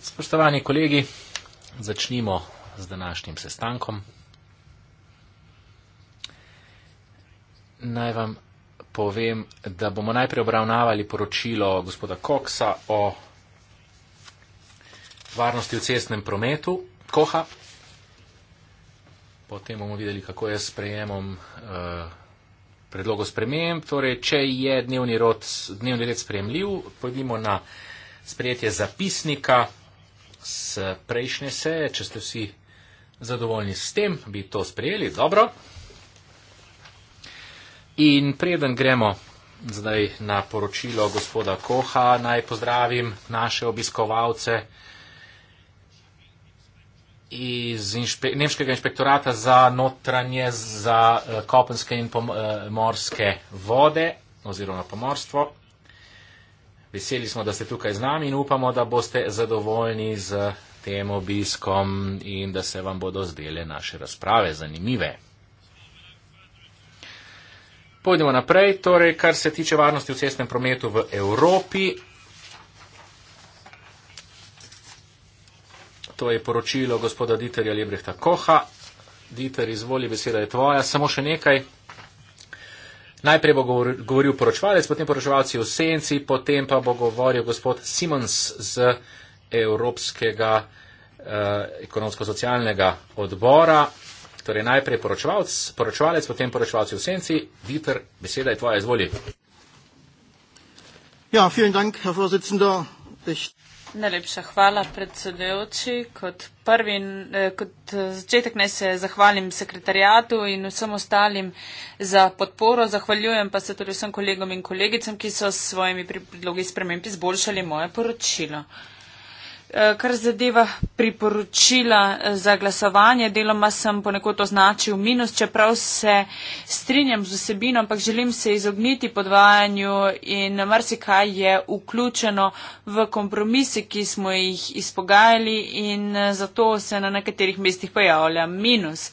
Spoštovani kolegi, začnimo z današnjim sestankom. Naj vam povem, da bomo najprej obravnavali poročilo gospoda Koksa o varnosti v cestnem prometu, koha. Potem bomo videli, kako je sprejemom eh, predlogo sprememb. Torej, če je dnevni red, dnevni red sprejemljiv, pojdimo na sprejetje zapisnika s prejšnje seje. Če ste vsi zadovoljni s tem, bi to sprejeli. Dobro. In preden gremo zdaj na poročilo gospoda Koha, naj pozdravim naše obiskovalce iz inšpe, Nemškega inšpektorata za notranje za eh, kopenske in pomorske eh, vode oziroma pomorstvo, Veseli smo, da ste tukaj z nami in upamo, da boste zadovoljni z tem obiskom in da se vam bodo zdele naše razprave zanimive. Pojdimo naprej. Torej, kar se tiče varnosti v cestnem prometu v Evropi, to je poročilo gospoda Diterja Lebrehta Koha. Diter, izvoli, beseda je tvoja. Samo še nekaj Najprej bo govoril poročevalec, potem poročevalci v senci, potem pa bo govoril gospod Simons z Evropskega eh, ekonomsko-socialnega odbora. Torej najprej poročevalc, poročevalec, potem poročevalci v senci. Viter, beseda je tvoja, izvoli. Ja, vielen Dank, Herr Vorsitzender. Ich... Najlepša hvala, predsedujoči. Kot, prvi, eh, kot eh, začetek naj se zahvalim sekretarijatu in vsem ostalim za podporo. Zahvaljujem pa se tudi vsem kolegom in kolegicam, ki so s svojimi predlogi spremembi izboljšali moje poročilo. Eh, kar zadeva priporočila eh, za glasovanje, deloma sem ponekod označil minus, čeprav se strinjam z vsebino, ampak želim se izogniti podvajanju in marsikaj je vključeno v kompromise, ki smo jih izpogajali in eh, zato se na nekaterih mestih pojavlja minus.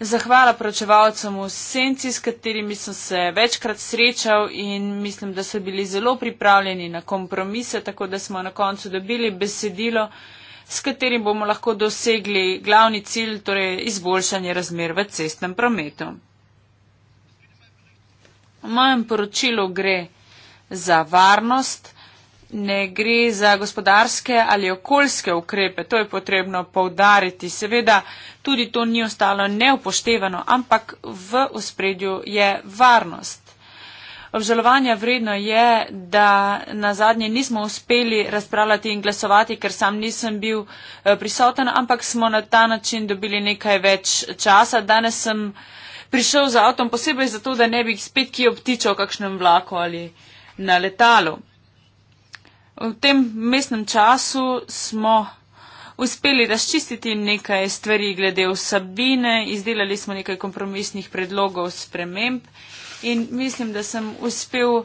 Zahvala pročevalcem v senci, s katerimi sem se večkrat srečal in mislim, da so bili zelo pripravljeni na kompromise, tako da smo na koncu dobili besedilo, s katerim bomo lahko dosegli glavni cilj, torej izboljšanje razmer v cestnem prometu. V mojem poročilu gre za varnost ne gre za gospodarske ali okoljske ukrepe. To je potrebno povdariti. Seveda tudi to ni ostalo neupoštevano, ampak v ospredju je varnost. Obžalovanja vredno je, da na zadnje nismo uspeli razpravljati in glasovati, ker sam nisem bil eh, prisoten, ampak smo na ta način dobili nekaj več časa. Danes sem prišel za avtom posebej zato, da ne bi spet kje obtičal kakšnem vlaku ali na letalu v tem mestnem času smo uspeli razčistiti nekaj stvari glede vsebine, izdelali smo nekaj kompromisnih predlogov sprememb in mislim, da sem uspel uh,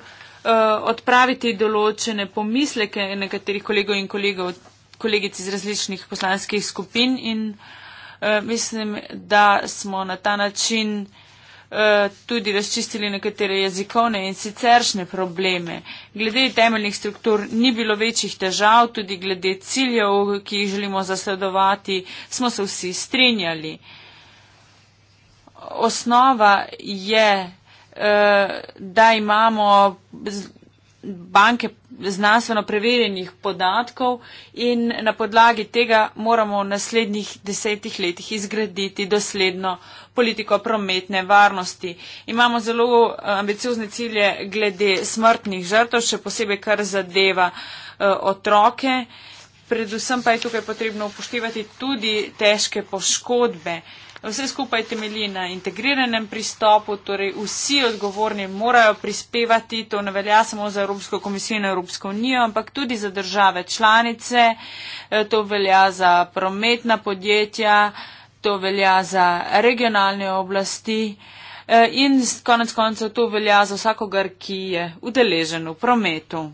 odpraviti določene pomisleke nekaterih kolegov in kolegov, kolegic iz različnih poslanskih skupin in uh, mislim, da smo na ta način uh, Eh, tudi razčistili nekatere jezikovne in siceršne probleme. Glede temeljnih struktur ni bilo večjih težav, tudi glede ciljev, ki jih želimo zasledovati, smo se vsi strinjali. Osnova je, eh, da imamo banke znanstveno preverjenih podatkov in na podlagi tega moramo v naslednjih desetih letih izgraditi dosledno politiko prometne varnosti. Imamo zelo eh, ambiciozne cilje glede smrtnih žrtev, še posebej kar zadeva eh, otroke. Predvsem pa je tukaj potrebno upoštevati tudi težke poškodbe. Vse skupaj temelji na integriranem pristopu, torej vsi odgovorni morajo prispevati, to ne velja samo za Evropsko komisijo in Evropsko unijo, ampak tudi za države članice, eh, to velja za prometna podjetja, to velja za regionalne oblasti. Eh, in konec koncev to velja za vsakogar, ki je udeležen v prometu.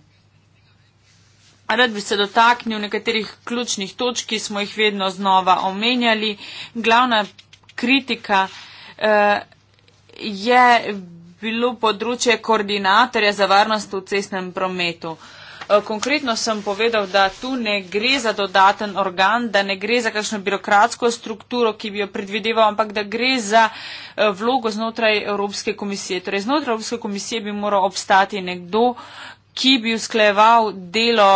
Rad bi se dotaknil nekaterih ključnih točk, ki smo jih vedno znova omenjali. Glavna kritika, eh, je bilo področje koordinatorja za varnost v cestnem prometu. Eh, konkretno sem povedal, da tu ne gre za dodaten organ, da ne gre za kakšno birokratsko strukturo, ki bi jo predvideval, ampak da gre za eh, vlogo znotraj Evropske komisije. Torej, znotraj Evropske komisije bi moral obstati nekdo, ki bi uskleval delo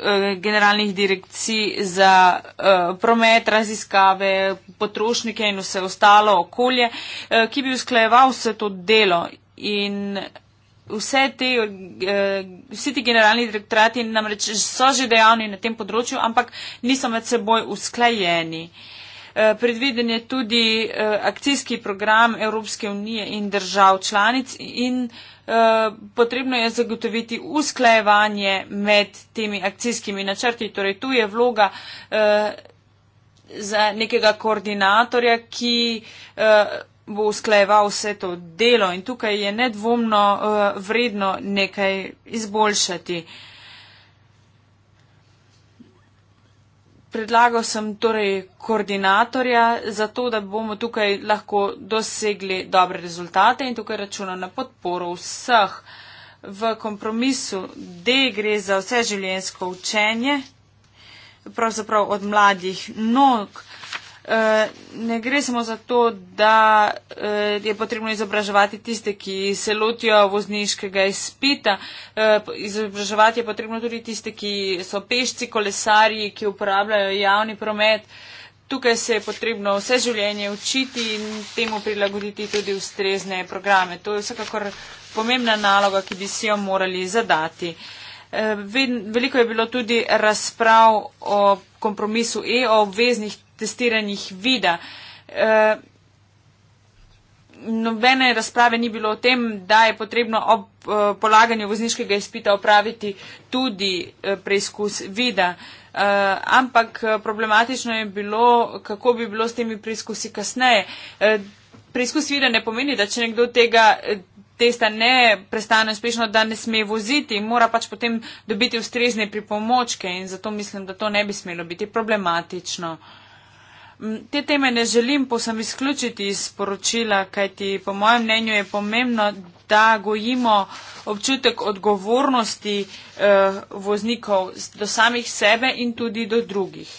Eh, generalnih direkcij za eh, promet, raziskave, potrošnike in vse ostalo okolje, eh, ki bi usklajeval vse to delo. In vse te, vsi ti generalni direktorati namreč so že dejavni na tem področju, ampak niso med seboj usklajeni. Eh, predviden je tudi eh, akcijski program Evropske unije in držav članic in eh, potrebno je zagotoviti usklajevanje med temi akcijskimi načrti. Torej, tu je vloga za nekega koordinatorja, ki bo usklajeval vse to delo in tukaj je nedvomno vredno nekaj izboljšati. predlagal sem torej koordinatorja za to, da bomo tukaj lahko dosegli dobre rezultate in tukaj računam na podporo vseh. V kompromisu D gre za vse življensko učenje, pravzaprav od mladih nog. Eh, ne gre samo za to, da eh, je potrebno izobraževati tiste, ki se lotijo vozniškega izpita. Eh, izobraževati je potrebno tudi tiste, ki so pešci, kolesarji, ki uporabljajo javni promet. Tukaj se je potrebno vse življenje učiti in temu prilagoditi tudi ustrezne programe. To je vsekakor pomembna naloga, ki bi si jo morali zadati. Veliko je bilo tudi razprav o kompromisu E o obveznih testiranjih vida. E, nobene razprave ni bilo o tem, da je potrebno ob e, polaganju vozniškega izpita opraviti tudi e, preizkus vida. Uh, ampak problematično je bilo, kako bi bilo s temi preizkusi kasneje. Uh, preizkus vida ne pomeni, da če nekdo tega testa ne prestane uspešno, da ne sme voziti, mora pač potem dobiti ustrezne pripomočke in zato mislim, da to ne bi smelo biti problematično. Uh, Mm, te teme ne želim posem izključiti iz poročila, kajti po mojem mnenju je pomembno, da gojimo občutek odgovornosti eh, voznikov do samih sebe in tudi do drugih.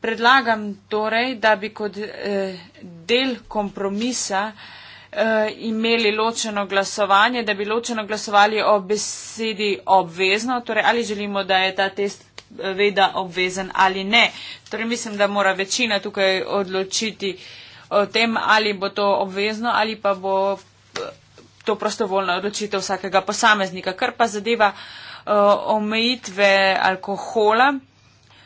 Predlagam torej, da bi kot eh, del kompromisa eh, imeli ločeno glasovanje, da bi ločeno glasovali o besedi obvezno, torej ali želimo, da je ta test veda obvezen ali ne. Torej mislim, da mora večina tukaj odločiti o tem, ali bo to obvezno ali pa bo to prostovoljna odločitev vsakega posameznika. Kar pa zadeva eh, omejitve alkohola.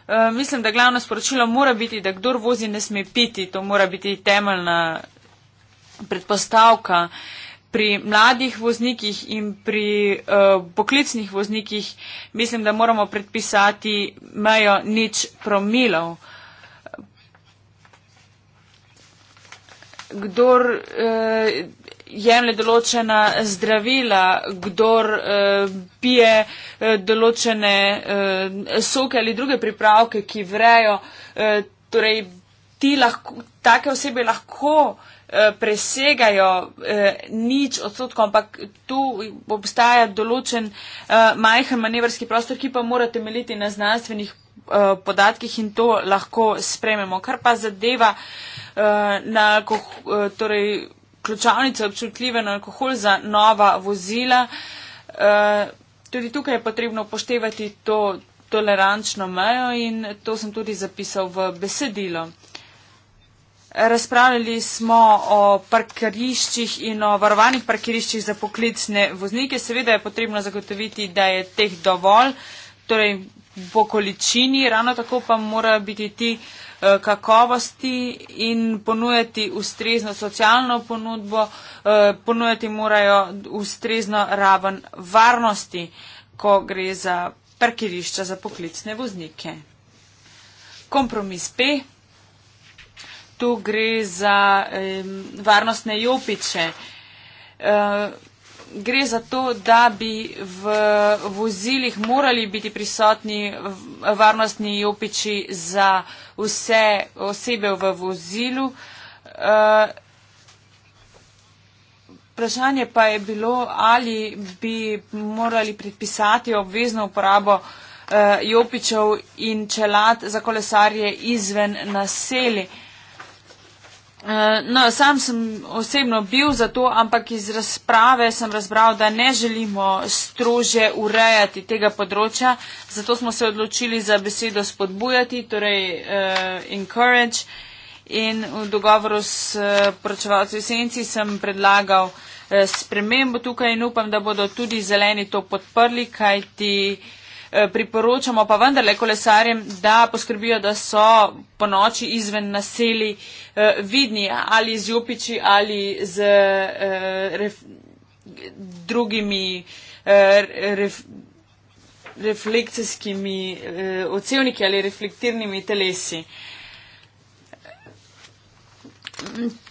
Eh, mislim, da glavno sporočilo mora biti, da kdor vozi, ne sme piti. To mora biti temeljna predpostavka uh, pri mladih voznikih in pri uh, poklicnih voznikih mislim, da moramo predpisati mejo nič promilov. Kdor eh, jemlje določena zdravila, kdor eh, pije eh, določene eh, soke ali druge pripravke, ki vrejo, eh, torej lahko, take osebe lahko eh, Eh, presegajo eh, nič odstotkov, ampak tu obstaja določen eh, majhen manevrski prostor, ki pa mora temeliti na znanstvenih eh, podatkih in to lahko sprememo. Kar pa zadeva eh, na alkoh, eh, torej, ključavnice občutljive na alkohol za nova vozila, eh, tudi tukaj je potrebno upoštevati to tolerančno mejo in to sem tudi zapisal v besedilo. Razpravljali smo o parkiriščih in o varovanih parkiriščih za poklicne voznike. Seveda je potrebno zagotoviti, da je teh dovolj, torej po količini, ravno tako pa mora biti ti eh, kakovosti in ponujati ustrezno socialno ponudbo, eh, ponujati morajo ustrezno raven varnosti, ko gre za parkirišča za poklicne voznike. Kompromis P tu gre za um, varnostne jopiče. Uh, gre za to, da bi v vozilih morali biti prisotni varnostni jopiči za vse osebe v vozilu. E, vprašanje uh, pa je bilo, ali bi morali predpisati obvezno uporabo uh, jopičev in čelad za kolesarje izven naselja. Eh, no, sam sem osebno bil za to, ampak iz razprave sem razbral, da ne želimo strože urejati tega področja, zato smo se odločili za besedo spodbujati, torej uh, encourage. In v dogovoru s eh, poročevalci esenci sem predlagal spremembo tukaj in upam, da bodo tudi zeleni to podprli, kajti uh, Eh, priporočamo pa vendarle kolesarjem, da poskrbijo, da so po noči izven naseli eh, vidni ali z jupiči ali z eh, ref, drugimi ref, reflekcijskimi odsevniki ali reflektirnimi telesi.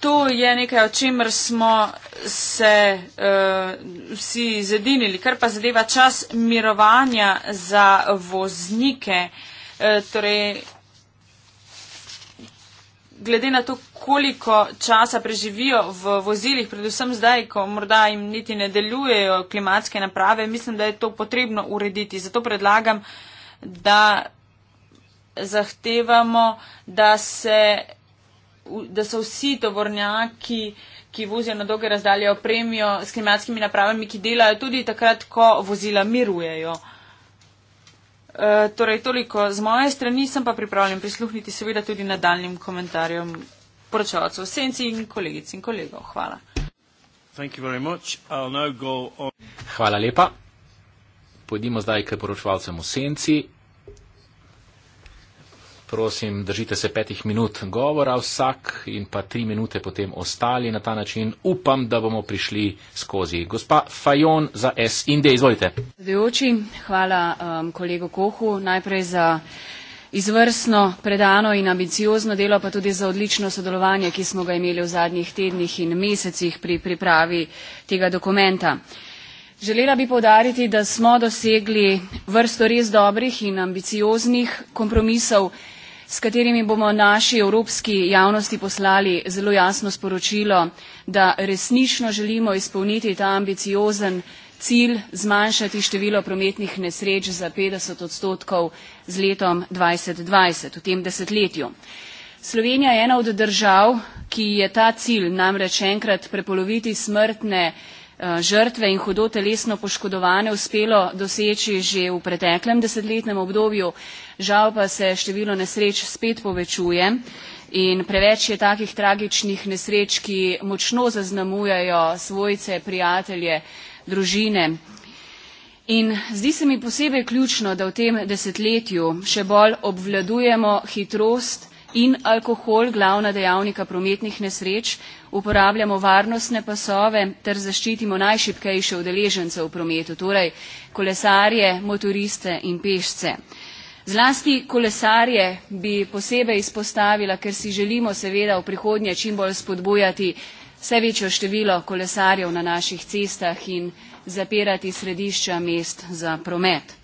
To je nekaj, o čemer smo se uh, vsi zedinili, kar pa zadeva čas mirovanja za voznike. Uh, torej, glede na to, koliko časa preživijo v vozilih, predvsem zdaj, ko morda jim niti ne delujejo klimatske naprave, mislim, da je to potrebno urediti. Zato predlagam, da zahtevamo, da se da so vsi tovornjaki, ki vozijo na dolge razdalje, opremijo s klimatskimi napravami, ki delajo tudi takrat, ko vozila mirujejo. E, torej, toliko z moje strani, sem pa pripravljen prisluhniti seveda tudi nadaljnim komentarjem poročavcev Senci in kolegic in kolegov. Hvala. Hvala lepa. Pojdimo zdaj k poročevalcem v Senci prosim, držite se petih minut govora vsak in pa tri minute potem ostali na ta način. Upam, da bomo prišli skozi. Gospa Fajon za S in D, izvolite. Zdajoči, hvala um, kolego Kohu najprej za izvrstno, predano in ambiciozno delo, pa tudi za odlično sodelovanje, ki smo ga imeli v zadnjih tednih in mesecih pri pripravi tega dokumenta. Želela bi povdariti, da smo dosegli vrsto res dobrih in ambicioznih kompromisov, s katerimi bomo naši evropski javnosti poslali zelo jasno sporočilo, da resnično želimo izpolniti ta ambiciozen cilj zmanjšati število prometnih nesreč za 50 odstotkov z letom 2020 v tem desetletju. Slovenija je ena od držav, ki je ta cilj namreč enkrat prepoloviti smrtne Eh, žrtve in hudo telesno poškodovane uspelo doseči že v preteklem desetletnem obdobju. Žal pa se število nesreč spet povečuje in preveč je takih tragičnih nesreč, ki močno zaznamujajo svojce, prijatelje, družine. In zdi se mi posebej ključno, da v tem desetletju še bolj obvladujemo hitrost in alkohol, glavna dejavnika prometnih nesreč, uporabljamo varnostne pasove ter zaščitimo najšipkejše udeležence v prometu, torej kolesarje, motoriste in pešce. Zlasti kolesarje bi posebej izpostavila, ker si želimo seveda v prihodnje čim bolj spodbujati vse večjo število kolesarjev na naših cestah in zapirati središča mest za promet.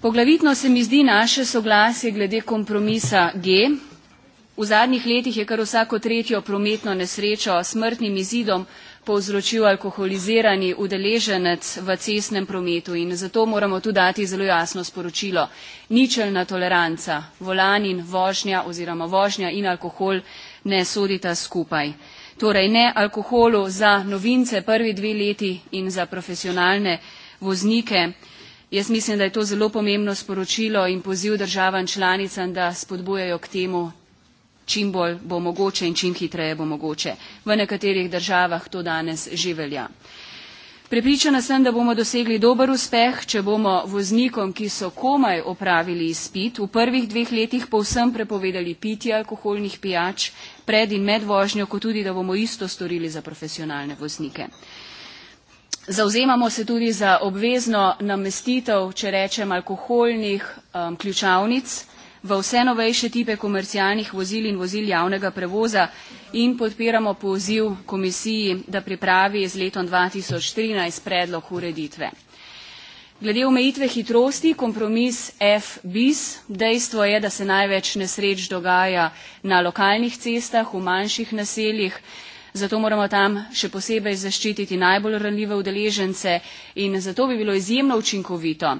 Poglavitno se mi zdi naše soglasje glede kompromisa G, V zadnjih letih je kar vsako tretjo prometno nesrečo smrtnim izidom povzročil alkoholizirani udeleženec v cestnem prometu in zato moramo tu dati zelo jasno sporočilo. Ničelna toleranca, volan in vožnja oziroma vožnja in alkohol ne sodita skupaj. Torej ne alkoholu za novince prvi dve leti in za profesionalne voznike. Jaz mislim, da je to zelo pomembno sporočilo in poziv državam članicam, da spodbujajo k temu čim bolj bo mogoče in čim hitreje bo mogoče. V nekaterih državah to danes že velja. Prepričana sem, da bomo dosegli dober uspeh, če bomo voznikom, ki so komaj opravili izpit, v prvih dveh letih povsem prepovedali pitje alkoholnih pijač pred in med vožnjo, kot tudi, da bomo isto storili za profesionalne voznike. Zauzemamo se tudi za obvezno namestitev, če rečem, alkoholnih um, ključavnic v vse novejše tipe komercialnih vozil in vozil javnega prevoza in podpiramo poziv komisiji, da pripravi z letom 2013 predlog ureditve. Glede omejitve hitrosti, kompromis FBIS, dejstvo je, da se največ nesreč dogaja na lokalnih cestah, v manjših naseljih, zato moramo tam še posebej zaščititi najbolj ranljive udeležence in zato bi bilo izjemno učinkovito,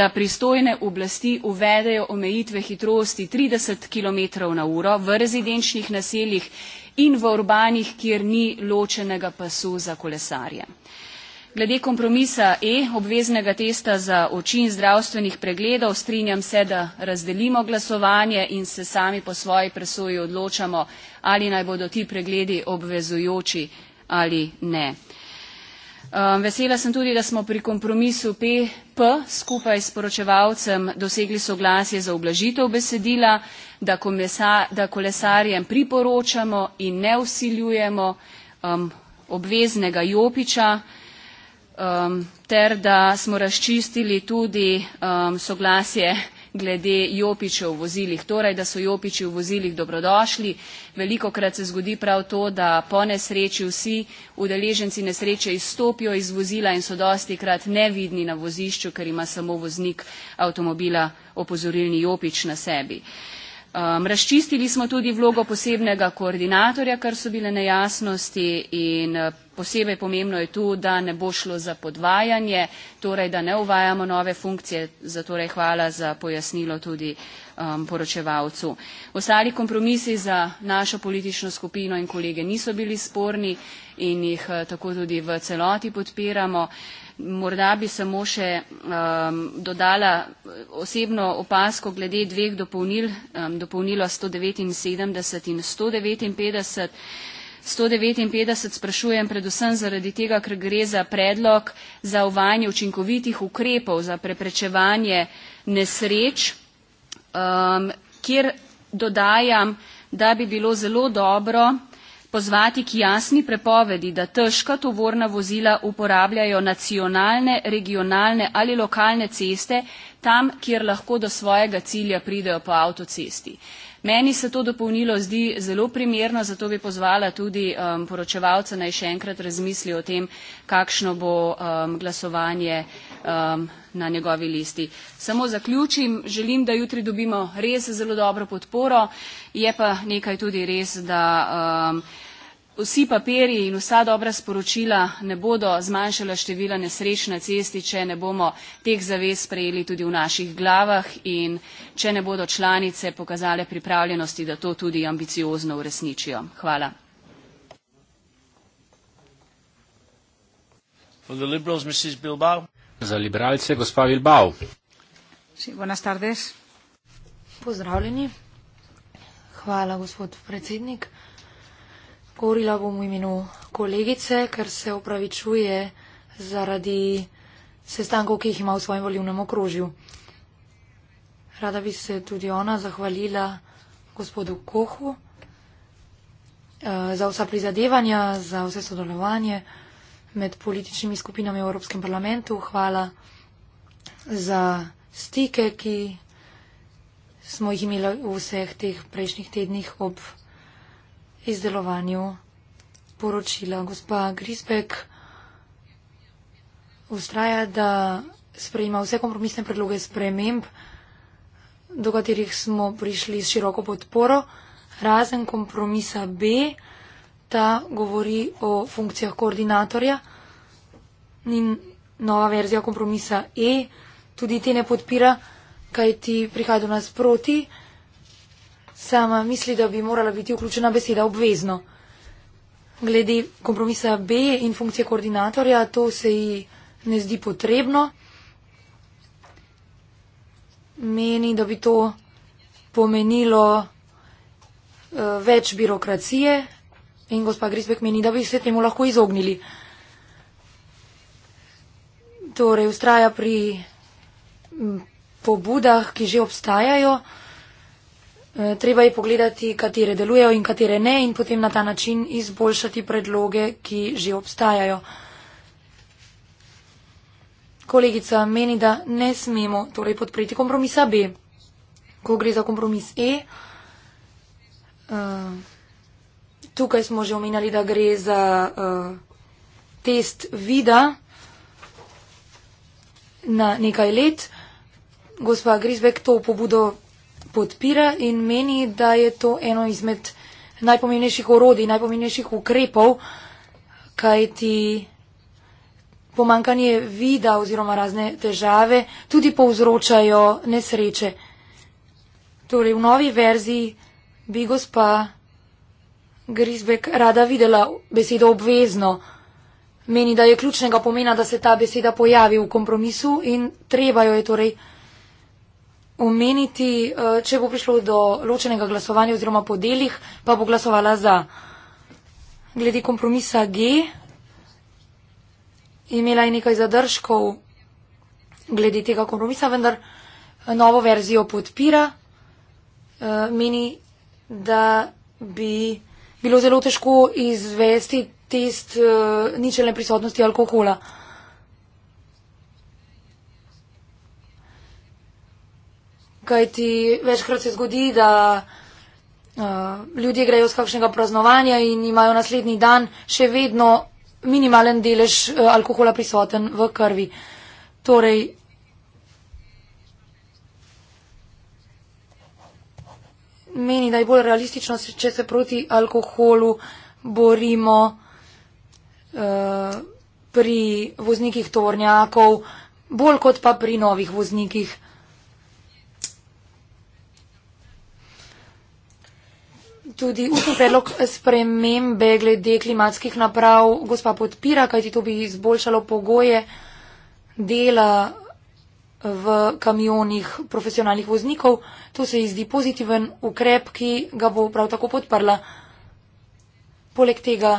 da pristojne oblasti uvedejo omejitve hitrosti 30 km na uro v rezidenčnih naseljih in v urbanih, kjer ni ločenega pasu za kolesarje. Glede kompromisa E, obveznega testa za oči in zdravstvenih pregledov, strinjam se, da razdelimo glasovanje in se sami po svoji presoji odločamo, ali naj bodo ti pregledi obvezujoči ali ne. Um, vesela sem tudi, da smo pri kompromisu PP skupaj s poročevalcem dosegli soglasje za oblažitev besedila, da, komesa, da kolesarjem priporočamo in ne usiljujemo um, obveznega jopiča, um, ter da smo razčistili tudi um, soglasje glede jopičev v vozilih, torej da so jopiči v vozilih dobrodošli. Veliko krat se zgodi prav to, da po nesreči vsi udeleženci nesreče izstopijo iz vozila in so dosti krat nevidni na vozišču, ker ima samo voznik avtomobila opozorilni jopič na sebi. Um, razčistili smo tudi vlogo posebnega koordinatorja, kar so bile nejasnosti in Posebej pomembno je tu, da ne bo šlo za podvajanje, torej da ne uvajamo nove funkcije, zato je hvala za pojasnilo tudi um, poročevalcu. Ostali kompromisi za našo politično skupino in kolege niso bili sporni in jih uh, tako tudi v celoti podpiramo. Morda bi samo še um, dodala uh, osebno opasko glede dveh dopolnil, um, dopolnilo 179 in 159. 159 sprašujem predvsem zaradi tega, ker gre za predlog za uvajanje učinkovitih ukrepov za preprečevanje nesreč, um, kjer dodajam, da bi bilo zelo dobro pozvati k jasni prepovedi, da težka tovorna vozila uporabljajo nacionalne, regionalne ali lokalne ceste tam, kjer lahko do svojega cilja pridejo po avtocesti. Meni se to dopolnilo zdi zelo primerno, zato bi pozvala tudi um, poročevalca naj še enkrat razmisli o tem, kakšno bo um, glasovanje um, na njegovi listi. Samo zaključim, želim, da jutri dobimo res zelo dobro podporo, je pa nekaj tudi res, da um, Vsi papirji in vsa dobra sporočila ne bodo zmanjšala števila nesreč na cesti, če ne bomo teh zavez sprejeli tudi v naših glavah in če ne bodo članice pokazale pripravljenosti, da to tudi ambiciozno uresničijo. Hvala. Za liberalce, gospa Bilbao. Pozdravljeni. Hvala, gospod predsednik. Govorila bom v imenu kolegice, ker se opravičuje zaradi sestankov, ki jih ima v svojem volivnem okrožju. Rada bi se tudi ona zahvalila gospodu Kohu eh, za vsa prizadevanja, za vse sodelovanje med političnimi skupinami v Evropskem parlamentu. Hvala za stike, ki smo jih imeli v vseh teh prejšnjih tednih ob izdelovanju poročila. Gospa Grisbek ustraja, da sprejima vse kompromisne predloge sprememb, do katerih smo prišli s široko podporo, razen kompromisa B, ta govori o funkcijah koordinatorja in nova verzija kompromisa E tudi te ne podpira, kaj ti prihaja do nas proti. Sama misli, da bi morala biti vključena beseda obvezno. Glede kompromisa B in funkcije koordinatorja, to se ji ne zdi potrebno. Meni, da bi to pomenilo uh, več birokracije in gospa Grisbek meni, da bi se temu lahko izognili. Torej, ustraja pri pobudah, ki že obstajajo. Eh, treba je pogledati, katere delujejo in katere ne in potem na ta način izboljšati predloge, ki že obstajajo. Kolegica meni, da ne smemo torej podpreti kompromisa B. Ko gre za kompromis E, eh, tukaj smo že omenjali, da gre za eh, test vida na nekaj let. Gospa Grisbek to pobudo podpira in meni, da je to eno izmed najpomembnejših orodij, najpomembnejših ukrepov, kaj ti pomankanje vida oziroma razne težave tudi povzročajo nesreče. Torej, v novi verziji bi gospa Grisbek rada videla besedo obvezno. Meni, da je ključnega pomena, da se ta beseda pojavi v kompromisu in treba jo je torej omeniti, eh, če bo prišlo do ločenega glasovanja oziroma po delih, pa bo glasovala za. Glede kompromisa G, imela je nekaj zadržkov glede tega kompromisa, vendar eh, novo verzijo podpira. Eh, meni, da bi bilo zelo težko izvesti test ničelne prisotnosti alkohola. Kaj ti večkrat se zgodi, da uh, ljudje grejo z kakšnega praznovanja in imajo naslednji dan še vedno minimalen delež uh, alkohola prisoten v krvi. Torej, meni, da je bolj realistično, če se proti alkoholu borimo uh, pri voznikih tovornjakov, bolj kot pa pri novih voznikih. tudi usni predlog spremembe glede klimatskih naprav gospa podpira, kajti to bi izboljšalo pogoje dela v kamionih profesionalnih voznikov. To se ji zdi pozitiven ukrep, ki ga bo prav tako podprla. Poleg tega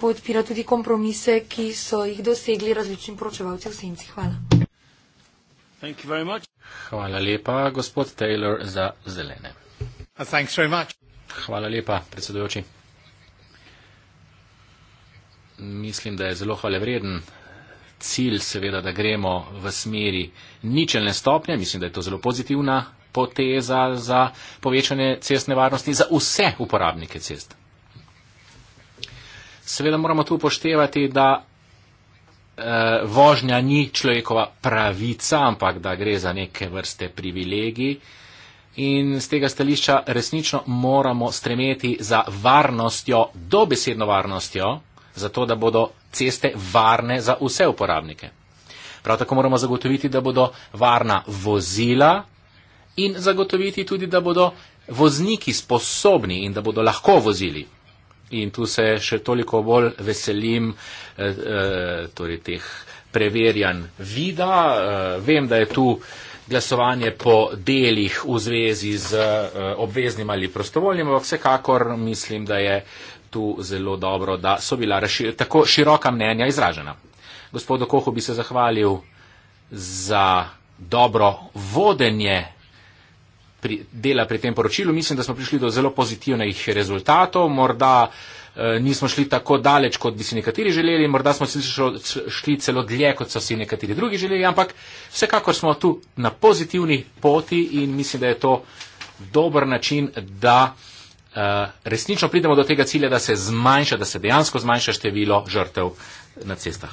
podpira tudi kompromise, ki so jih dosegli različni poročevalci v senci. Hvala. Hvala lepa, gospod Taylor, za zelene. Uh, Hvala lepa, predsedujoči. Mislim, da je zelo hvalevreden cilj, seveda, da gremo v smeri ničelne stopnje. Mislim, da je to zelo pozitivna poteza za povečanje cestne varnosti za vse uporabnike cest. Seveda moramo tu upoštevati, da eh, vožnja ni človekova pravica, ampak da gre za neke vrste privilegij. Eh, in z tega stališča resnično moramo stremeti za varnostjo, dobesedno varnostjo, zato da bodo ceste varne za vse uporabnike. Prav tako moramo zagotoviti, da bodo varna vozila in zagotoviti tudi, da bodo vozniki sposobni in da bodo lahko vozili. In tu se še toliko bolj veselim eh, eh, torej teh preverjanj vida. Eh, vem, da je tu eh, glasovanje po delih v zvezi z eh, obveznim ali prostovoljnim, ampak vsekakor mislim, da je tu zelo dobro, da so bila tako široka mnenja izražena. Gospodu Kohu bi se zahvalil za dobro vodenje pri, dela pri tem poročilu. Mislim, da smo prišli do zelo pozitivnih rezultatov. Morda uh, Eh, nismo šli tako daleč, kot bi si nekateri želeli, morda smo šli celo dlje, kot so si nekateri drugi želeli, ampak vsekakor smo tu na pozitivni poti in mislim, da je to dober način, da eh, resnično pridemo do tega cilja, da se zmanjša, da se dejansko zmanjša število žrtev na cestah.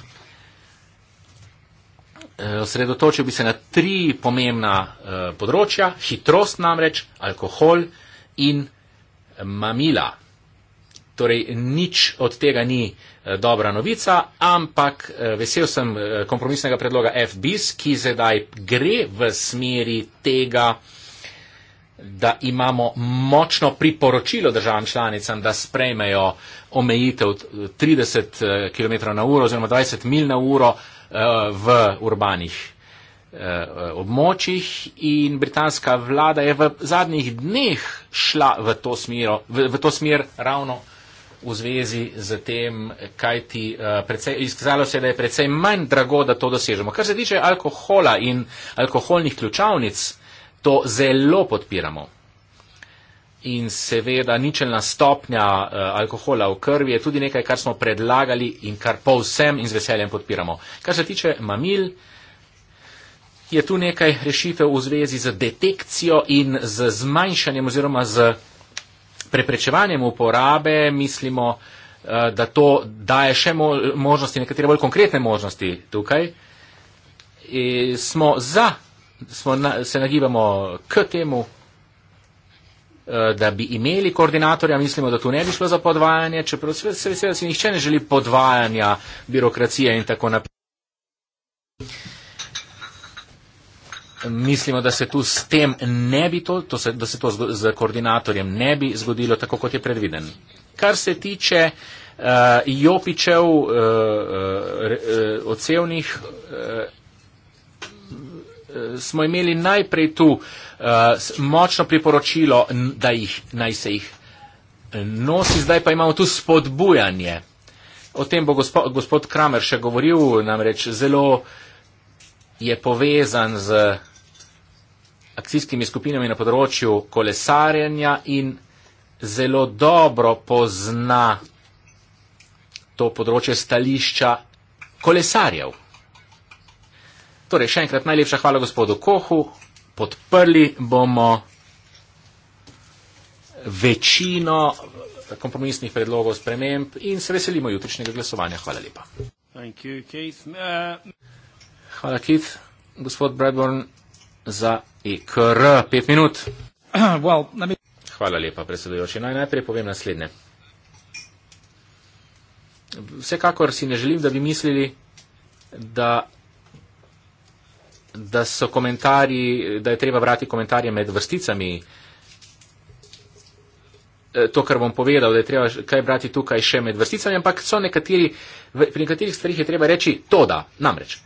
Eh, osredotočil bi se na tri pomembna področja, hitrost namreč, alkohol in mamila. Torej, nič od tega ni eh, dobra novica, ampak eh, vesel sem eh, kompromisnega predloga FBIS, ki sedaj gre v smeri tega, da imamo močno priporočilo državam članicam, da sprejmejo omejitev 30 km na uro oziroma 20 mil na uro v urbanih območjih in britanska vlada je v zadnjih dneh šla v to smer, v, v to smer ravno v zvezi z tem, kaj ti uh, eh, predvsej, izkazalo se, da je predvsej manj drago, da to dosežemo. Kar se tiče alkohola in alkoholnih ključavnic, to zelo podpiramo. In seveda ničelna stopnja uh, alkohola v krvi je tudi nekaj, kar smo predlagali in kar povsem in z veseljem podpiramo. Kar se tiče mamil, je tu nekaj rešitev v zvezi z detekcijo in z zmanjšanjem oziroma z preprečevanjem uporabe mislimo, eh, da to daje še možnosti, nekatere bolj konkretne možnosti tukaj. I e, smo za, smo na, se nagibamo k temu, eh, da bi imeli koordinatorja, mislimo, da tu ne bi šlo za podvajanje, čeprav seveda se, se, se, se nihče ne želi podvajanja, birokracije in tako naprej mislimo, da se tu s tem ne bi to, to se, da se to z, z koordinatorjem ne bi zgodilo tako, kot je predviden. Kar se tiče uh, jopičev uh, uh, odsevnih, uh, smo imeli najprej tu uh, močno priporočilo, da jih naj se jih nosi, zdaj pa imamo tu spodbujanje. O tem bo gospod, gospod Kramer še govoril, namreč zelo je povezan z akcijskimi skupinami na področju kolesarjenja in zelo dobro pozna to področje stališča kolesarjev. Torej, še enkrat najlepša hvala gospodu Kohu. Podprli bomo večino kompromisnih predlogov sprememb in se veselimo jutrišnjega glasovanja. Hvala lepa. Uh, hvala, Keith. Gospod Bradburn, za IKR, e pet minut. Hvala lepa, predsedujoči. Naj najprej povem naslednje. Vsekakor si ne želim, da bi mislili, da, da so komentarji, da je treba brati komentarje med vrsticami. E, to, kar bom povedal, da je treba kaj brati tukaj še med vrsticami, ampak so nekateri, pri nekaterih stvarih je treba reči to, da namreč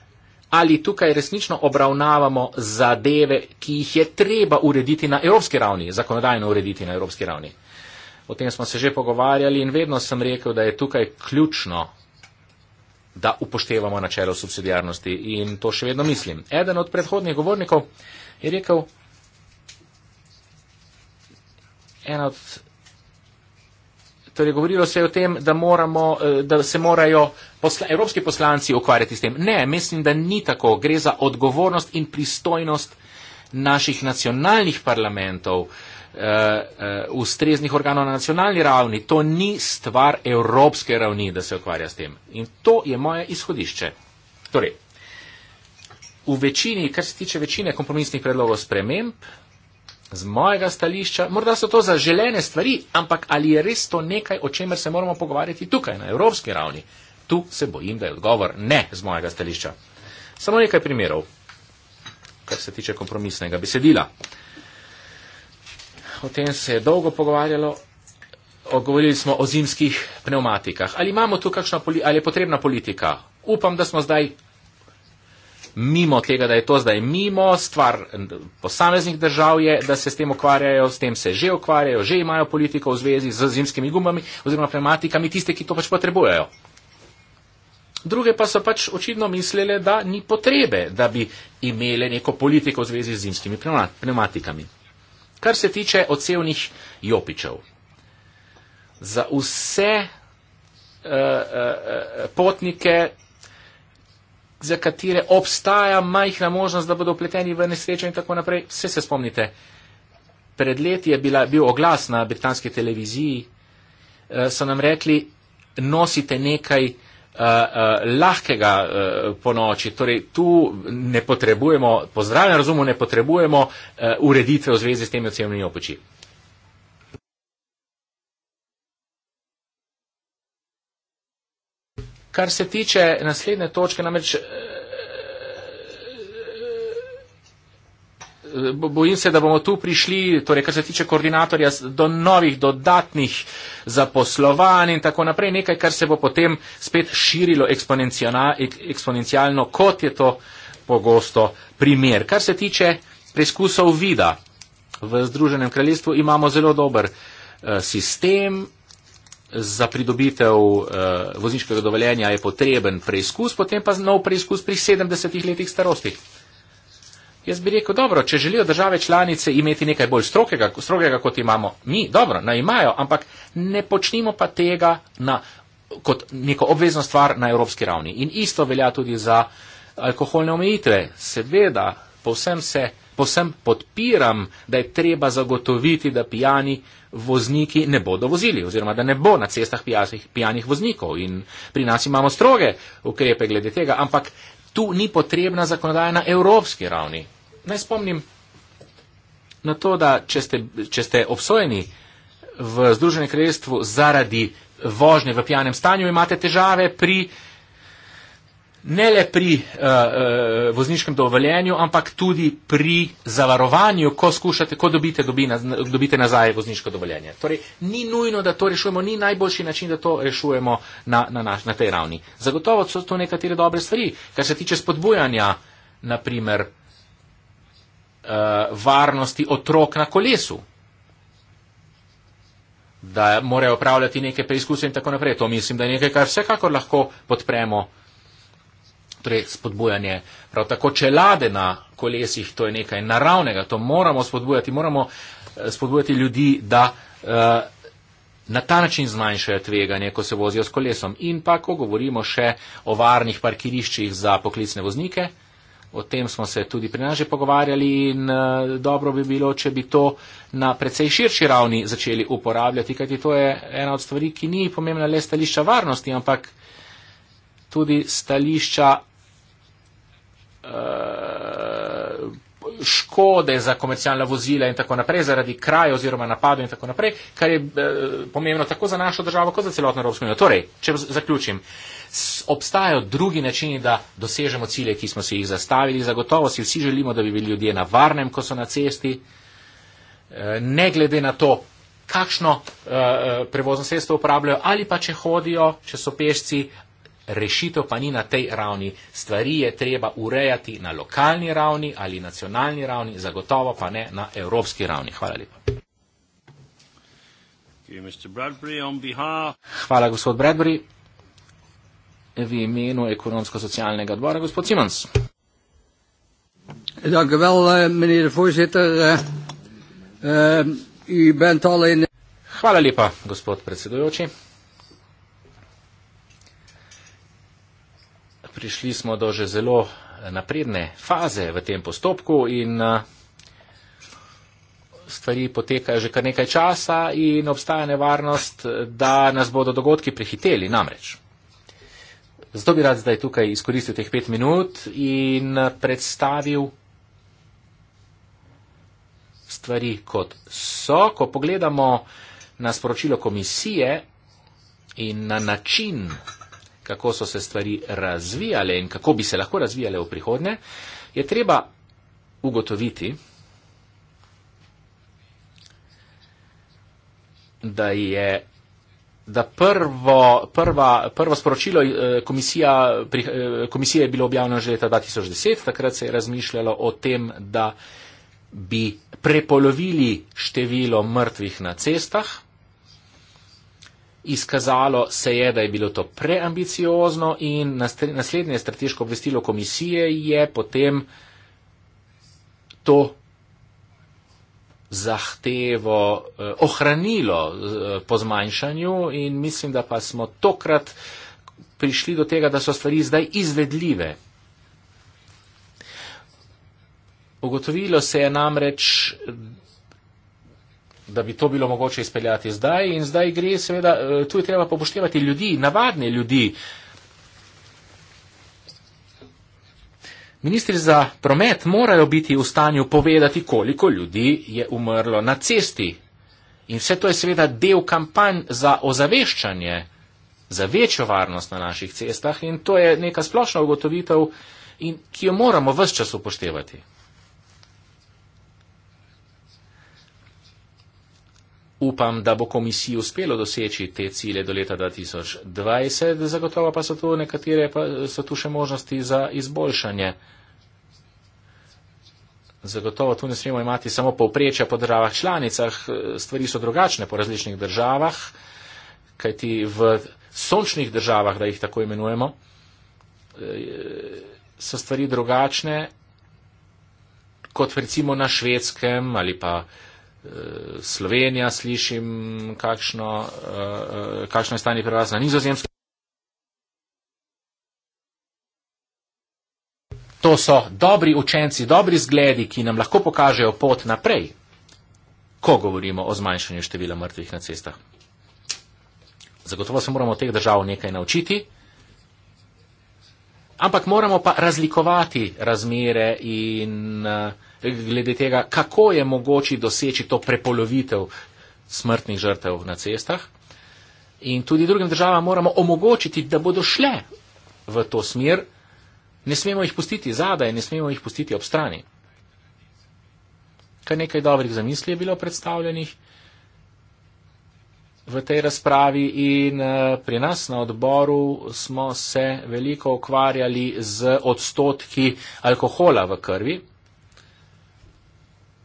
ali tukaj resnično obravnavamo zadeve, ki jih je treba urediti na evropski ravni, zakonodajno urediti na evropski ravni. O tem smo se že pogovarjali in vedno sem rekel, da je tukaj ključno, da upoštevamo načelo subsidijarnosti in to še vedno mislim. Eden od predhodnih govornikov je rekel, ena od Torej, govorilo se je o tem, da, moramo, eh, da se morajo posla, evropski poslanci ukvarjati s tem. Ne, mislim, da ni tako. Gre za odgovornost in pristojnost naših nacionalnih parlamentov, uh, uh, ustreznih organov na nacionalni ravni. To ni stvar evropske ravni, da se ukvarja s tem. In to je moje izhodišče. Torej, v večini, kar se tiče večine kompromisnih predlogov sprememb, z mojega stališča, morda so to zaželene stvari, ampak ali je res to nekaj, o čemer se moramo pogovarjati tukaj na evropski ravni? Tu se bojim, da je odgovor ne z mojega stališča. Samo nekaj primerov, kar se tiče kompromisnega besedila. O tem se je dolgo pogovarjalo. Govorili smo o zimskih pneumatikah. Ali, poli ali je potrebna politika? Upam, da smo zdaj mimo tega, da je to zdaj mimo, stvar posameznih držav je, da se s tem ukvarjajo, s tem se že ukvarjajo, že imajo politiko v zvezi z zimskimi gumami oziroma pneumatikami, tiste, ki to pač potrebujejo. Druge pa so pač očitno mislile, da ni potrebe, da bi imele neko politiko v zvezi z zimskimi pneumatikami. Kar se tiče ocevnih jopičev. Za vse uh, uh, uh, potnike za katere obstaja majhna možnost, da bodo upleteni v nesrečo in tako naprej. Vse se spomnite. Pred leti je bila, bil oglas na britanski televiziji, eh, so nam rekli, nosite nekaj uh, uh, lahkega uh, po noči. Torej, tu ne potrebujemo, po zdravem razumu, ne potrebujemo uh, ureditve v zvezi s temi ocenjenimi opočji. kar se tiče naslednje točke, namreč eh, eh, bojim se, da bomo tu prišli, torej kar se tiče koordinatorja, do novih dodatnih zaposlovanj in tako naprej, nekaj, kar se bo potem spet širilo eksponencialno, kot je to pogosto primer. Kar se tiče preizkusov vida, v Združenem kraljestvu imamo zelo dober eh, sistem, za pridobitev uh, vozniškega dovoljenja je potreben preizkus, potem pa nov preizkus pri 70 letih starosti. Jaz bi rekel, dobro, če želijo države članice imeti nekaj bolj strokega, strokega kot imamo mi, dobro, naj imajo, ampak ne počnimo pa tega na, kot neko obvezno stvar na evropski ravni. In isto velja tudi za alkoholne omejitve. Seveda, povsem se. Veda, po posem podpiram, da je treba zagotoviti, da pijani vozniki ne bodo vozili oziroma da ne bo na cestah pijasih, pijanih voznikov. In pri nas imamo stroge ukrepe glede tega, ampak tu ni potrebna zakonodaja na evropski ravni. Naj spomnim na to, da če ste, če ste obsojeni v Združenem kraljestvu zaradi vožnje v pijanem stanju, imate težave pri ne le pri uh, uh, vozniškem dovoljenju, ampak tudi pri zavarovanju, ko, skušate, ko dobite, dobina, dobite nazaj vozniško dovoljenje. Torej, ni nujno, da to rešujemo, ni najboljši način, da to rešujemo na, na, naš, na tej ravni. Zagotovo so to nekatere dobre stvari, kar se tiče spodbujanja, naprimer, uh, eh, varnosti otrok na kolesu da morajo opravljati neke preizkuse in tako naprej. To mislim, da je nekaj, kar vsekakor lahko podpremo torej spodbujanje. Prav tako čelade na kolesih, to je nekaj naravnega, to moramo spodbujati, moramo eh, spodbujati ljudi, da uh, na ta način zmanjšajo tveganje, ko se vozijo s kolesom. In pa, ko govorimo še o varnih parkiriščih za poklicne voznike, o tem smo se tudi pri nas že pogovarjali in uh, dobro bi bilo, če bi to na precej širši ravni začeli uporabljati, kajti to je ena od stvari, ki ni pomembna le stališča varnosti, ampak tudi stališča Eh, škode za komercialna vozila in tako naprej, zaradi kraja oziroma napadov in tako naprej, kar je eh, pomembno tako za našo državo, kot za celotno Evropsko unijo. Torej, če zaključim, obstajajo drugi načini, da dosežemo cilje, ki smo si jih zastavili. Zagotovo si vsi želimo, da bi bili ljudje na varnem, ko so na cesti, eh, ne glede na to, kakšno prevozno sredstvo uporabljajo ali pa če hodijo, če so pešci rešitev pa ni na tej ravni. Stvari je treba urejati na lokalni ravni ali nacionalni ravni, zagotovo pa ne na evropski ravni. Hvala lepa. Hvala, gospod Bradbury. V imenu ekonomsko-socialnega odbora, gospod Simons. Dank u wel, eh, meneer de voorzitter. Uh, uh, u bent al in. Hvala lepa, gospod predsedujoči. prišli smo do že zelo napredne faze v tem postopku in eh, stvari potekajo že kar nekaj časa in obstaja nevarnost, da nas bodo dogodki prehiteli namreč. Zato bi rad zdaj tukaj izkoristil teh pet minut in eh, predstavil stvari kot so. Ko pogledamo na sporočilo komisije in na način, kako so se stvari razvijale in kako bi se lahko razvijale v prihodnje, je treba ugotoviti, da je da prvo, prva, prvo sporočilo eh, komisija, eh, komisije je bilo objavljeno že leta 2010, takrat se je razmišljalo o tem, da bi prepolovili število mrtvih na cestah, Izkazalo se je, da je bilo to preambiciozno in naslednje strateško obvestilo komisije je potem to zahtevo eh, ohranilo eh, po zmanjšanju in mislim, da pa smo tokrat prišli do tega, da so stvari zdaj izvedljive. Ugotovilo se je namreč, da bi to bilo mogoče izpeljati zdaj in zdaj gre seveda, eh, tu je treba popoštevati ljudi, navadne ljudi. Ministri za promet morajo biti v stanju povedati, koliko ljudi je umrlo na cesti. In vse to je seveda del kampanj za ozaveščanje, za večjo varnost na naših cestah in to je neka splošna ugotovitev, in, ki jo moramo vse čas upoštevati. Upam, da bo komisiji uspelo doseči te cilje do leta 2020, zagotovo pa so tu nekatere, pa so tu še možnosti za izboljšanje. Zagotovo tu ne smemo imati samo povprečja po državah članicah, stvari so drugačne po različnih državah, kajti v sončnih državah, da jih tako imenujemo, so stvari drugačne kot recimo na švedskem ali pa. Eh, Slovenija, slišim, kakšno, eh, eh, kakšno je stanje pri vas na nizozemskem. To so dobri učenci, dobri zgledi, ki nam lahko pokažejo pot naprej, ko govorimo o zmanjšanju števila mrtvih na cestah. Zagotovo se moramo od teh držav nekaj naučiti, ampak moramo pa razlikovati razmere in uh, glede tega, kako je mogoče doseči to prepolovitev smrtnih žrtev na cestah. In tudi drugim državam moramo omogočiti, da bodo šle v to smer. Ne smemo jih pustiti zadaj, ne smemo jih pustiti ob strani. Kar nekaj dobrih zamisli je bilo predstavljenih v tej razpravi in eh, pri nas na odboru smo se veliko ukvarjali z odstotki alkohola v krvi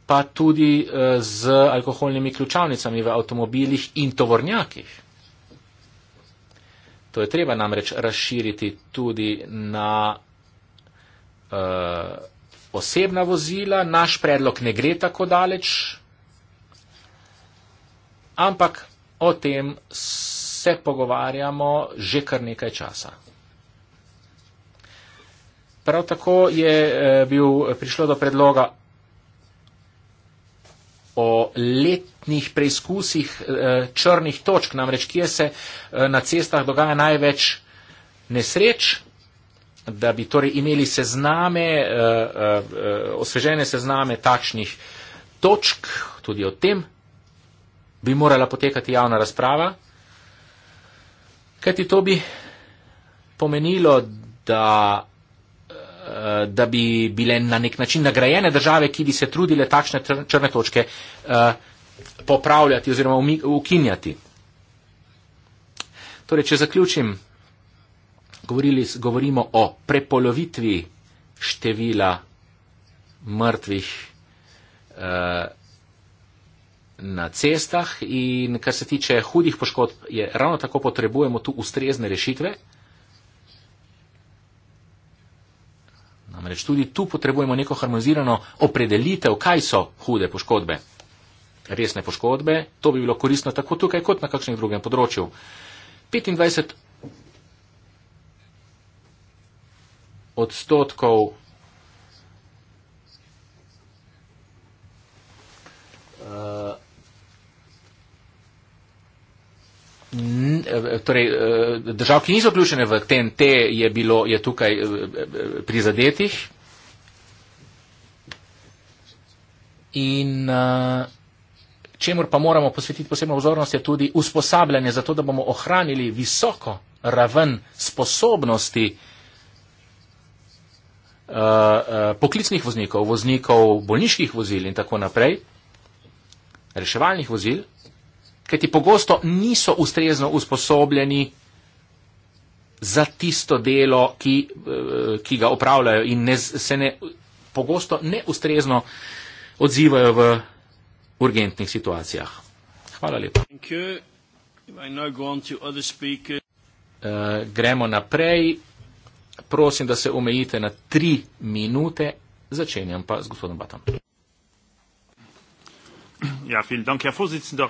pa tudi eh, z alkoholnimi ključavnicami v avtomobilih in tovornjakih. To je treba namreč razširiti tudi na uh, osebna vozila. Naš predlog ne gre tako daleč, ampak o tem se pogovarjamo že kar nekaj časa. Prav tako je eh, bil, prišlo do predloga o letnih preizkusih eh, črnih točk, namreč kje se eh, na cestah dogaja največ nesreč, da bi torej imeli sezname, eh, osvežene sezname takšnih točk, tudi o tem bi morala potekati javna razprava, kajti to bi pomenilo, da Eh, da bi bile na nek način nagrajene države, ki bi se trudile takšne črne točke eh, popravljati oziroma ukinjati. Torej, če zaključim, govorili, govorimo o prepolovitvi števila mrtvih eh, na cestah in kar se tiče hudih poškodb, je ravno tako potrebujemo tu ustrezne rešitve. Namreč tudi tu potrebujemo neko harmonizirano opredelitev, kaj so hude poškodbe. Resne poškodbe, to bi bilo koristno tako tukaj kot na kakšnem drugem področju. 25 odstotkov uh, Eh, torej, eh, držav, ki niso vključene v TNT, je, bilo, je tukaj eh, prizadetih. In čemur pa moramo posvetiti posebno vzornost je tudi usposabljanje za to, da bomo ohranili visoko raven sposobnosti poklicnih voznikov, voznikov bolniških vozil in tako naprej, reševalnih vozil, kajti pogosto niso ustrezno usposobljeni za tisto delo, ki, eh, ki ga opravljajo in ne, se ne, pogosto ne ustrezno odzivajo v urgentnih situacijah. Hvala lepa. Uh, gremo naprej. Prosim, da se omejite na tri minute. Začenjam pa z gospodom Batom. Ja, vielen Dank, Herr Vorsitzender.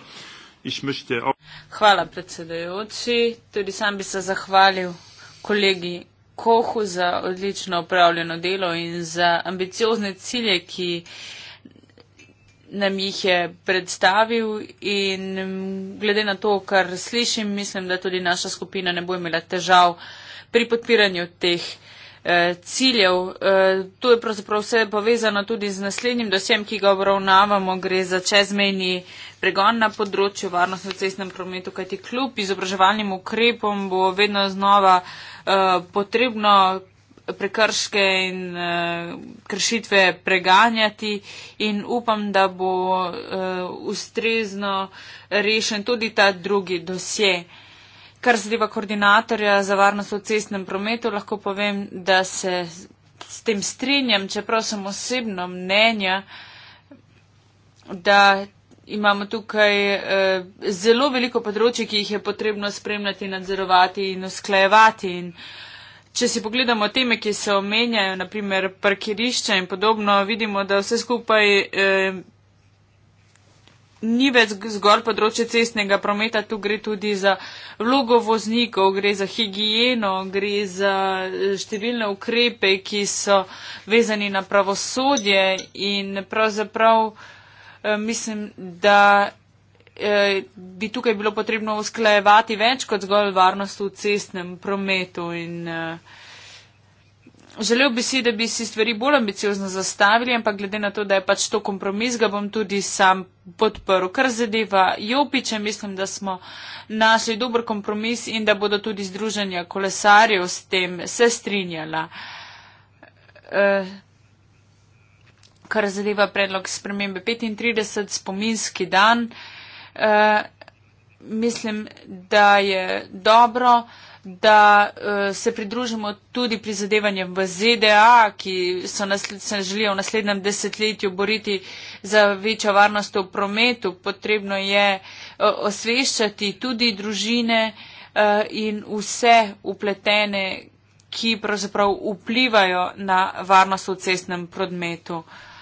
Ich möchte auch Hvala predsedajoči, tudi sam bi se zahvalil kolegi Kohu za odlično upravljeno delo in za ambiciozne cilje, ki nam jih je predstavil in mm, glede na to, kar slišim, mislim, da tudi naša skupina ne bo imela težav pri podpiranju teh. Eh, ciljev. Eh, to je pravzaprav vse povezano tudi z naslednjim dosjem, ki ga obravnavamo. Gre za čezmejni pregon na področju varnosti v cestnem prometu, kajti kljub izobraževalnim ukrepom bo vedno znova eh, potrebno prekrške in kršitve preganjati in upam, da bo ustrezno rešen tudi ta drugi dosje. Kar zadeva koordinatorja za varnost v cestnem prometu, lahko povem, da se s tem strinjam, čeprav sem osebno mnenja, da imamo tukaj eh, zelo veliko področji, ki jih je potrebno spremljati, nadzorovati in usklejevati. In če si pogledamo teme, ki se omenjajo, naprimer parkirišča in podobno, vidimo, da vse skupaj. Eh, ni več zgolj področje cestnega prometa, tu gre tudi za vlogo voznikov, gre za higieno, gre za e, številne ukrepe, ki so vezani na pravosodje in pravzaprav e, mislim, da e, bi tukaj bilo potrebno usklajevati več kot zgolj varnost v cestnem prometu in uh, Želel bi si, da bi si stvari bolj ambiciozno zastavili, ampak glede na to, da je pač to kompromis, ga bom tudi sam podprl. Kar zadeva Jopiče, mislim, da smo našli dober kompromis in da bodo tudi združenja kolesarjev s tem se strinjala. E, kar zadeva predlog spremembe 35, spominski dan, e, mislim, da je dobro da uh, se pridružimo tudi prizadevanjem v ZDA, ki se želijo v naslednjem desetletju boriti za večjo varnost v prometu. Potrebno je uh, osveščati tudi družine uh, in vse upletene, ki pravzaprav vplivajo na varnost v cestnem prometu. Uh,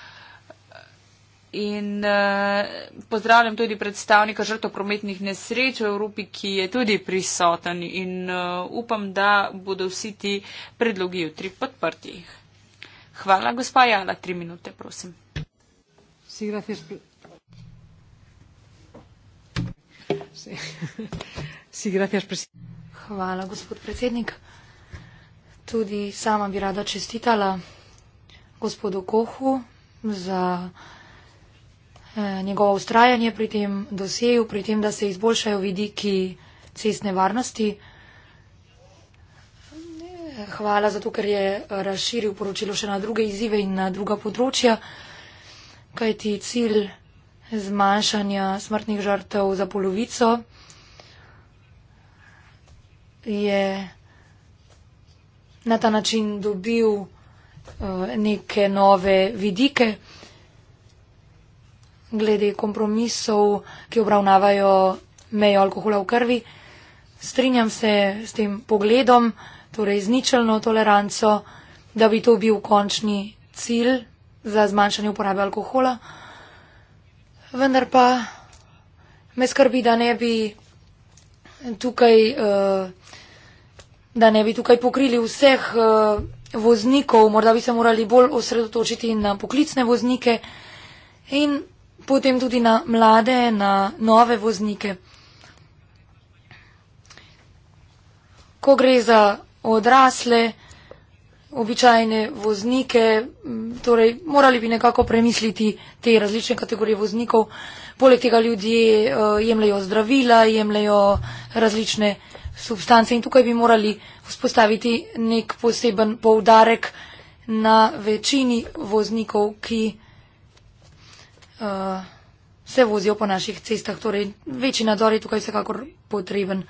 In uh, pozdravljam tudi predstavnika žrtev prometnih nesreč v Evropi, ki je tudi prisoten in uh, upam, da bodo vsi ti predlogi jutri podprti. Hvala, gospa Jana, tri minute, prosim. Hvala, gospod predsednik. Tudi sama bi rada čestitala gospodu Kohu za. Eh, njegovo ustrajanje pri tem doseju, pri tem, da se izboljšajo vidiki cestne varnosti. Hvala za to, ker je razširil poročilo še na druge izzive in na druga področja, kajti cilj zmanjšanja smrtnih žrtev za polovico je na ta način dobil eh, neke nove vidike glede kompromisov, ki obravnavajo mejo alkohola v krvi. Strinjam se s tem pogledom, torej z ničelno toleranco, da bi to bil končni cilj za zmanjšanje uporabe alkohola. Vendar pa me skrbi, da ne bi tukaj, eh, da ne bi tukaj pokrili vseh eh, voznikov, morda bi se morali bolj osredotočiti na poklicne voznike in potem tudi na mlade, na nove voznike. Ko gre za odrasle, običajne voznike, torej morali bi nekako premisliti te različne kategorije voznikov. Poleg tega ljudje uh, eh, jemljajo zdravila, jemljajo različne substance in tukaj bi morali vzpostaviti nek poseben poudarek na večini voznikov, ki uh, se vozijo po naših cestah, torej večji nadzor je tukaj vsekakor potreben.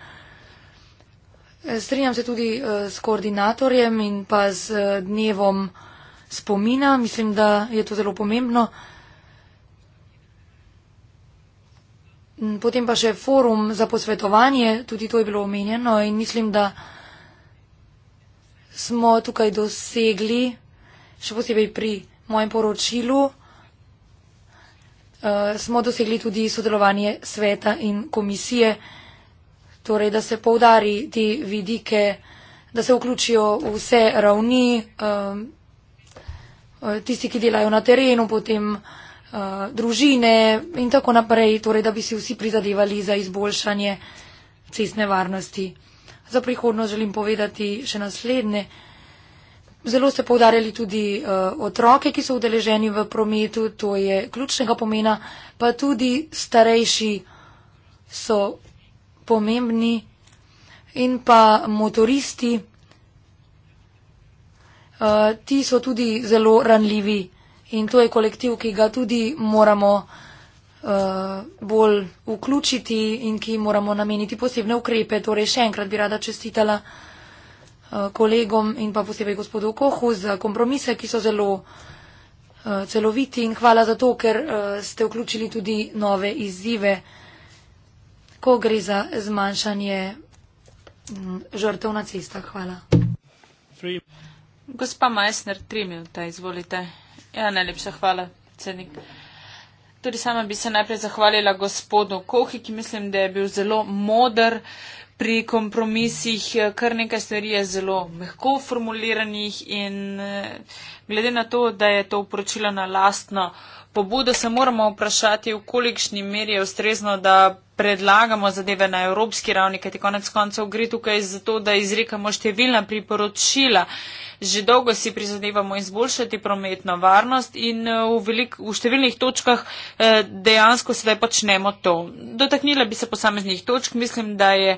Eh, strinjam se tudi uh, s koordinatorjem in pa z uh, dnevom spomina, mislim, da je to zelo pomembno. Mm, potem pa še forum za posvetovanje, tudi to je bilo omenjeno in mislim, da smo tukaj dosegli, še posebej pri mojem poročilu, Eh, smo dosegli tudi sodelovanje sveta in komisije, torej da se povdari te vidike, da se vključijo vse ravni, eh, eh, tisti, ki delajo na terenu, potem družine in tako naprej, torej da bi si vsi prizadevali za izboljšanje cestne varnosti. Za prihodnost želim povedati še naslednje. Zelo ste povdarjali tudi uh, otroke, ki so udeleženi v prometu, to je ključnega pomena, pa tudi starejši so pomembni in pa motoristi, uh, ti so tudi zelo ranljivi in to je kolektiv, ki ga tudi moramo uh, bolj vključiti in ki moramo nameniti posebne ukrepe. Torej, še enkrat bi rada čestitala kolegom in pa posebej gospodu Kohu za kompromise, ki so zelo eh, celoviti in hvala za to, ker eh, ste vključili tudi nove izzive, ko gre za zmanjšanje mm, žrtev na cestah. Hvala. Gospa Majsner, tri minute, izvolite. Ja, najlepša hvala, cenik. Tudi sama bi se najprej zahvalila gospodu Kohi, ki mislim, da je bil zelo modr pri kompromisih eh, kar nekaj stvari je zelo mehko formuliranih in eh, glede na to, da je to poročilo na lastno pobudo, se moramo vprašati, v kolikšni meri je ustrezno, da predlagamo zadeve na evropski ravni, kajti konec koncev gre tukaj za to, da izrekamo številna priporočila. Že dolgo si prizadevamo izboljšati prometno varnost in eh, v, velik, v številnih točkah eh, dejansko sedaj počnemo to. Dotaknila bi se posameznih točk, mislim, da je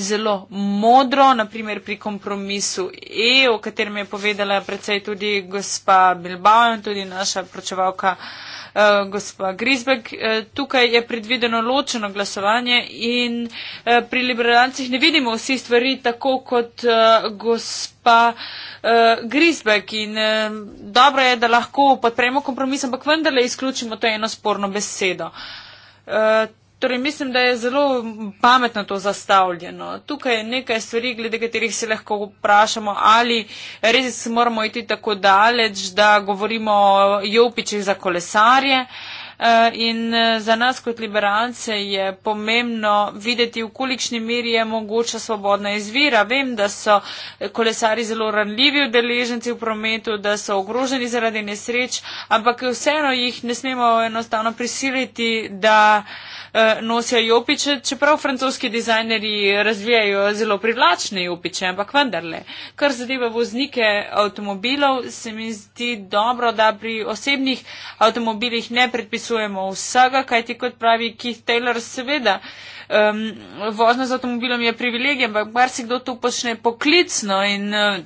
zelo modro, naprimer pri kompromisu E, o katerem je povedala predvsej tudi gospa Bilbao in tudi naša pročevalka. Eh, gospa Grisbek. Eh, tukaj je predvideno ločeno glasovanje in eh, pri liberalcih ne vidimo vsi stvari tako kot gospa Grisbek. In dobro je, da lahko podpremo kompromis, ampak vendarle izključimo to eno sporno besedo. Torej, mislim, da je zelo pametno to zastavljeno. Tukaj je nekaj stvari, glede katerih se lahko vprašamo, ali res moramo iti tako daleč, da govorimo o jopičih za kolesarje. Uh, Eh, in eh, za nas kot liberance je pomembno videti, v kolikšni meri je mogoča svobodna izvira. Vem, da so eh, kolesari zelo ranljivi udeleženci v prometu, da so ogroženi zaradi nesreč, ampak vseeno jih ne smemo enostavno prisiliti, da nosijo jopiče, čeprav francoski dizajnerji razvijajo zelo privlačne jopiče, ampak vendarle. Kar zadeva voznike avtomobilov, se mi zdi dobro, da pri osebnih avtomobilih ne predpisujemo opisujemo vsega, kaj ti kot pravi Keith Taylor, seveda. Um, vozno z avtomobilom je privilegij, ampak marsikdo to počne poklicno in uh,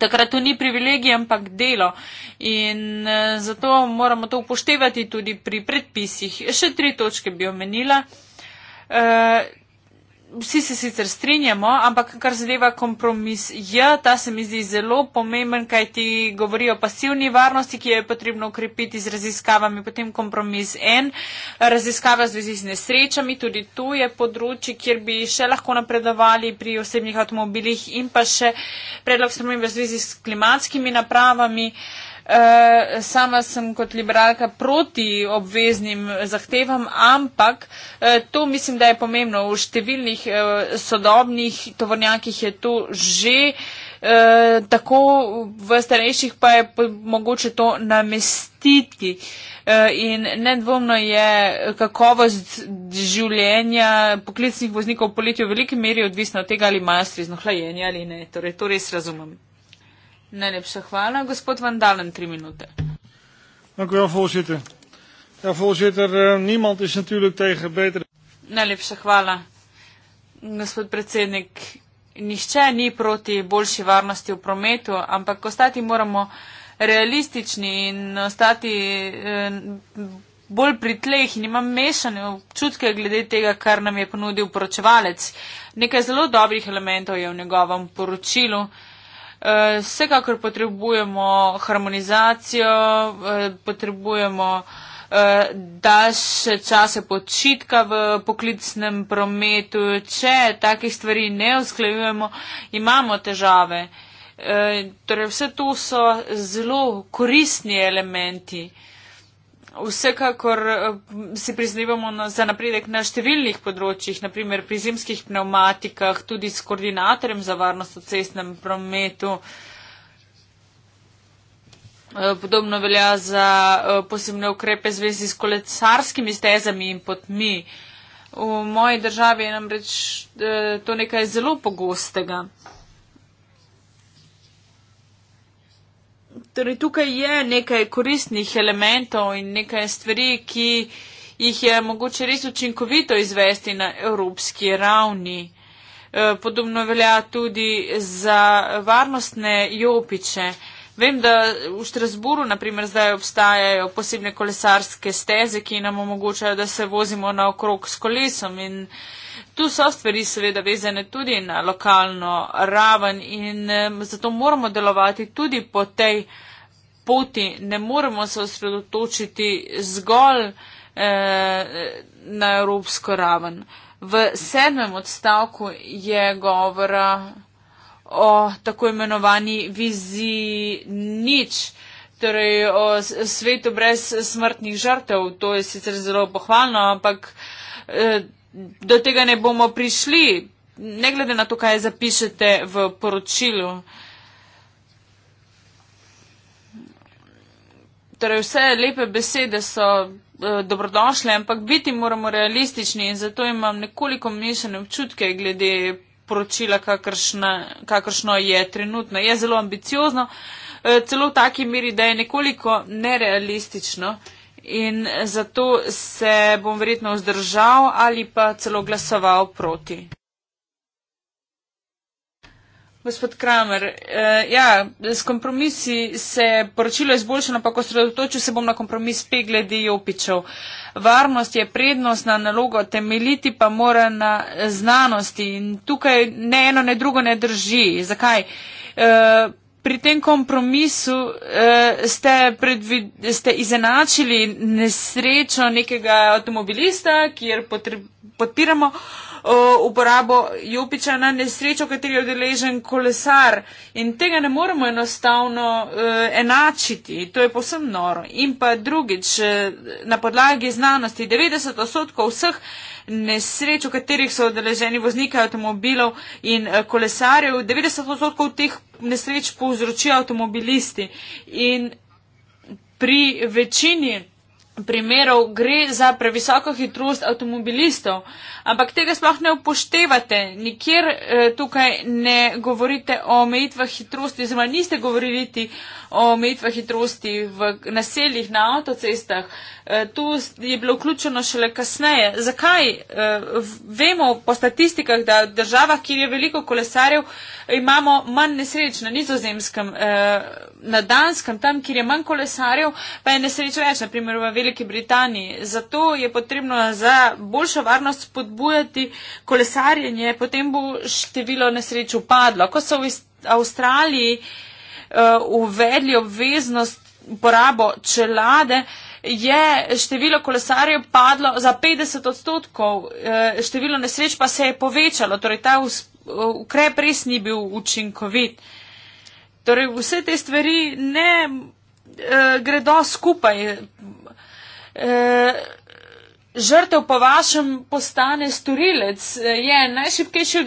takrat to ni privilegij, ampak delo. In uh, zato moramo to upoštevati tudi pri predpisih. Še tri točke bi omenila. Uh, vsi se sicer strinjamo, ampak kar zadeva kompromis J, ja, ta se mi zdi zelo pomemben, kaj ti govori o pasivni varnosti, ki jo je potrebno ukrepiti z raziskavami, potem kompromis N, raziskava z vezi z nesrečami, tudi tu je področje, kjer bi še lahko napredovali pri osebnih avtomobilih in pa še predlog spremembe z vezi s klimatskimi napravami. Uh, Eh, sama sem kot liberalka proti obveznim zahtevam, ampak eh, to mislim, da je pomembno. V številnih eh, sodobnih tovornjakih je to že. E, tako v starejših pa je mogoče to namestiti e, in nedvomno je kakovost življenja poklicnih voznikov v poletju v veliki meri odvisna od tega, ali imajo strizno hlajenje ali ne. Torej, to res razumem. Najlepša hvala. Gospod Vandalen, tri minute. Dank u wel, voorzitter. Ja, voorzitter, eh, niemand is natuurlijk tegen betere. Najlepša hvala. Gospod predsednik, nišče ni proti boljši varnosti v prometu, ampak ostati moramo realistični in ostati eh, bolj pri tleh in imam mešane občutke glede tega, kar nam je ponudil poročevalec. Nekaj zelo dobrih elementov je v njegovem poročilu. Eh, vsekakor potrebujemo harmonizacijo, eh, potrebujemo eh, daljše čase počitka v poklicnem prometu. Če takih stvari ne usklejujemo, imamo težave. Torej, vse to so zelo koristni elementi. Vsekakor eh, si priznavamo za napredek na številnih področjih, naprimer pri zimskih pneumatikah, tudi s koordinatorjem za varnost v cestnem prometu. Eh, podobno velja za eh, posebne ukrepe zvezi s kolesarskimi stezami in potmi. V moji državi je namreč to nekaj zelo pogostega. torej tukaj je nekaj koristnih elementov in nekaj stvari, ki jih je mogoče res učinkovito izvesti na evropski ravni. E, podobno velja tudi za varnostne jopiče. Vem, da v Štrasburu, naprimer, zdaj obstajajo posebne kolesarske steze, ki nam omogočajo, da se vozimo na okrog s kolesom in uh, Tu so stvari seveda vezane tudi na lokalno raven in zato moramo delovati tudi po tej poti. Ne moremo se osredotočiti zgolj eh, na evropsko raven. V sedmem odstavku je govora o tako imenovani viziji nič, torej o svetu brez smrtnih žrtev. To je sicer zelo pohvalno, ampak. Eh, do tega ne bomo prišli, ne glede na to, kaj zapišete v poročilu. Torej, vse lepe besede so uh, dobrodošle, ampak biti moramo realistični in zato imam nekoliko mešane občutke glede poročila, kakršna, kakršno je trenutno. Je zelo ambiciozno, uh, celo v taki meri, da je nekoliko nerealistično. Uh, in zato se bom verjetno vzdržal ali pa celo glasoval proti. Gospod Kramer, eh, ja, s kompromisi se poročilo je izboljšeno, pa ko se dotočil, se bom na kompromis pe glede jopičev. Varnost je prednost na nalogo, temeljiti pa mora na znanosti in tukaj ne eno, ne drugo ne drži. Zakaj? Eh, pri tem kompromisu eh, ste, predvid, ste izenačili nesrečo nekega avtomobilista, kjer podpiramo eh, uporabo Jupiča na nesrečo, kateri je odeležen kolesar. In tega ne moremo enostavno eh, enačiti. To je posem noro. In pa drugič, eh, na podlagi znanosti 90 odstotkov vseh nesreč, v katerih so odeleženi vozniki avtomobilov in eh, kolesarjev, 90 odstotkov teh nesreč povzročijo avtomobilisti. In pri večini primerov gre za previsoko hitrost avtomobilistov, ampak tega sploh ne upoštevate. Nikjer eh, tukaj ne govorite o omejitvah hitrosti, oziroma niste govorili ti o omejitvah hitrosti v naseljih na avtocestah. Eh, tu je bilo vključeno šele kasneje. Zakaj? Eh, vemo po statistikah, da v državah, kjer je veliko kolesarjev, eh, imamo manj nesreč na nizozemskem, eh, na danskem, tam, kjer je manj kolesarjev, pa je nesreč več, naprimer v Veliki Britaniji. Zato je potrebno za boljšo varnost spodbujati kolesarjenje, potem bo število nesreč upadlo. Ko so v Avstraliji eh, uvedli obveznost porabo čelade, je število kolesarjev padlo za 50 odstotkov, eh, število nesreč pa se je povečalo. Torej ukrep res ni bil učinkovit. Torej, vse te stvari ne uh, gredo skupaj. Uh, žrtev po vašem postane storilec, eh, je najšipkejši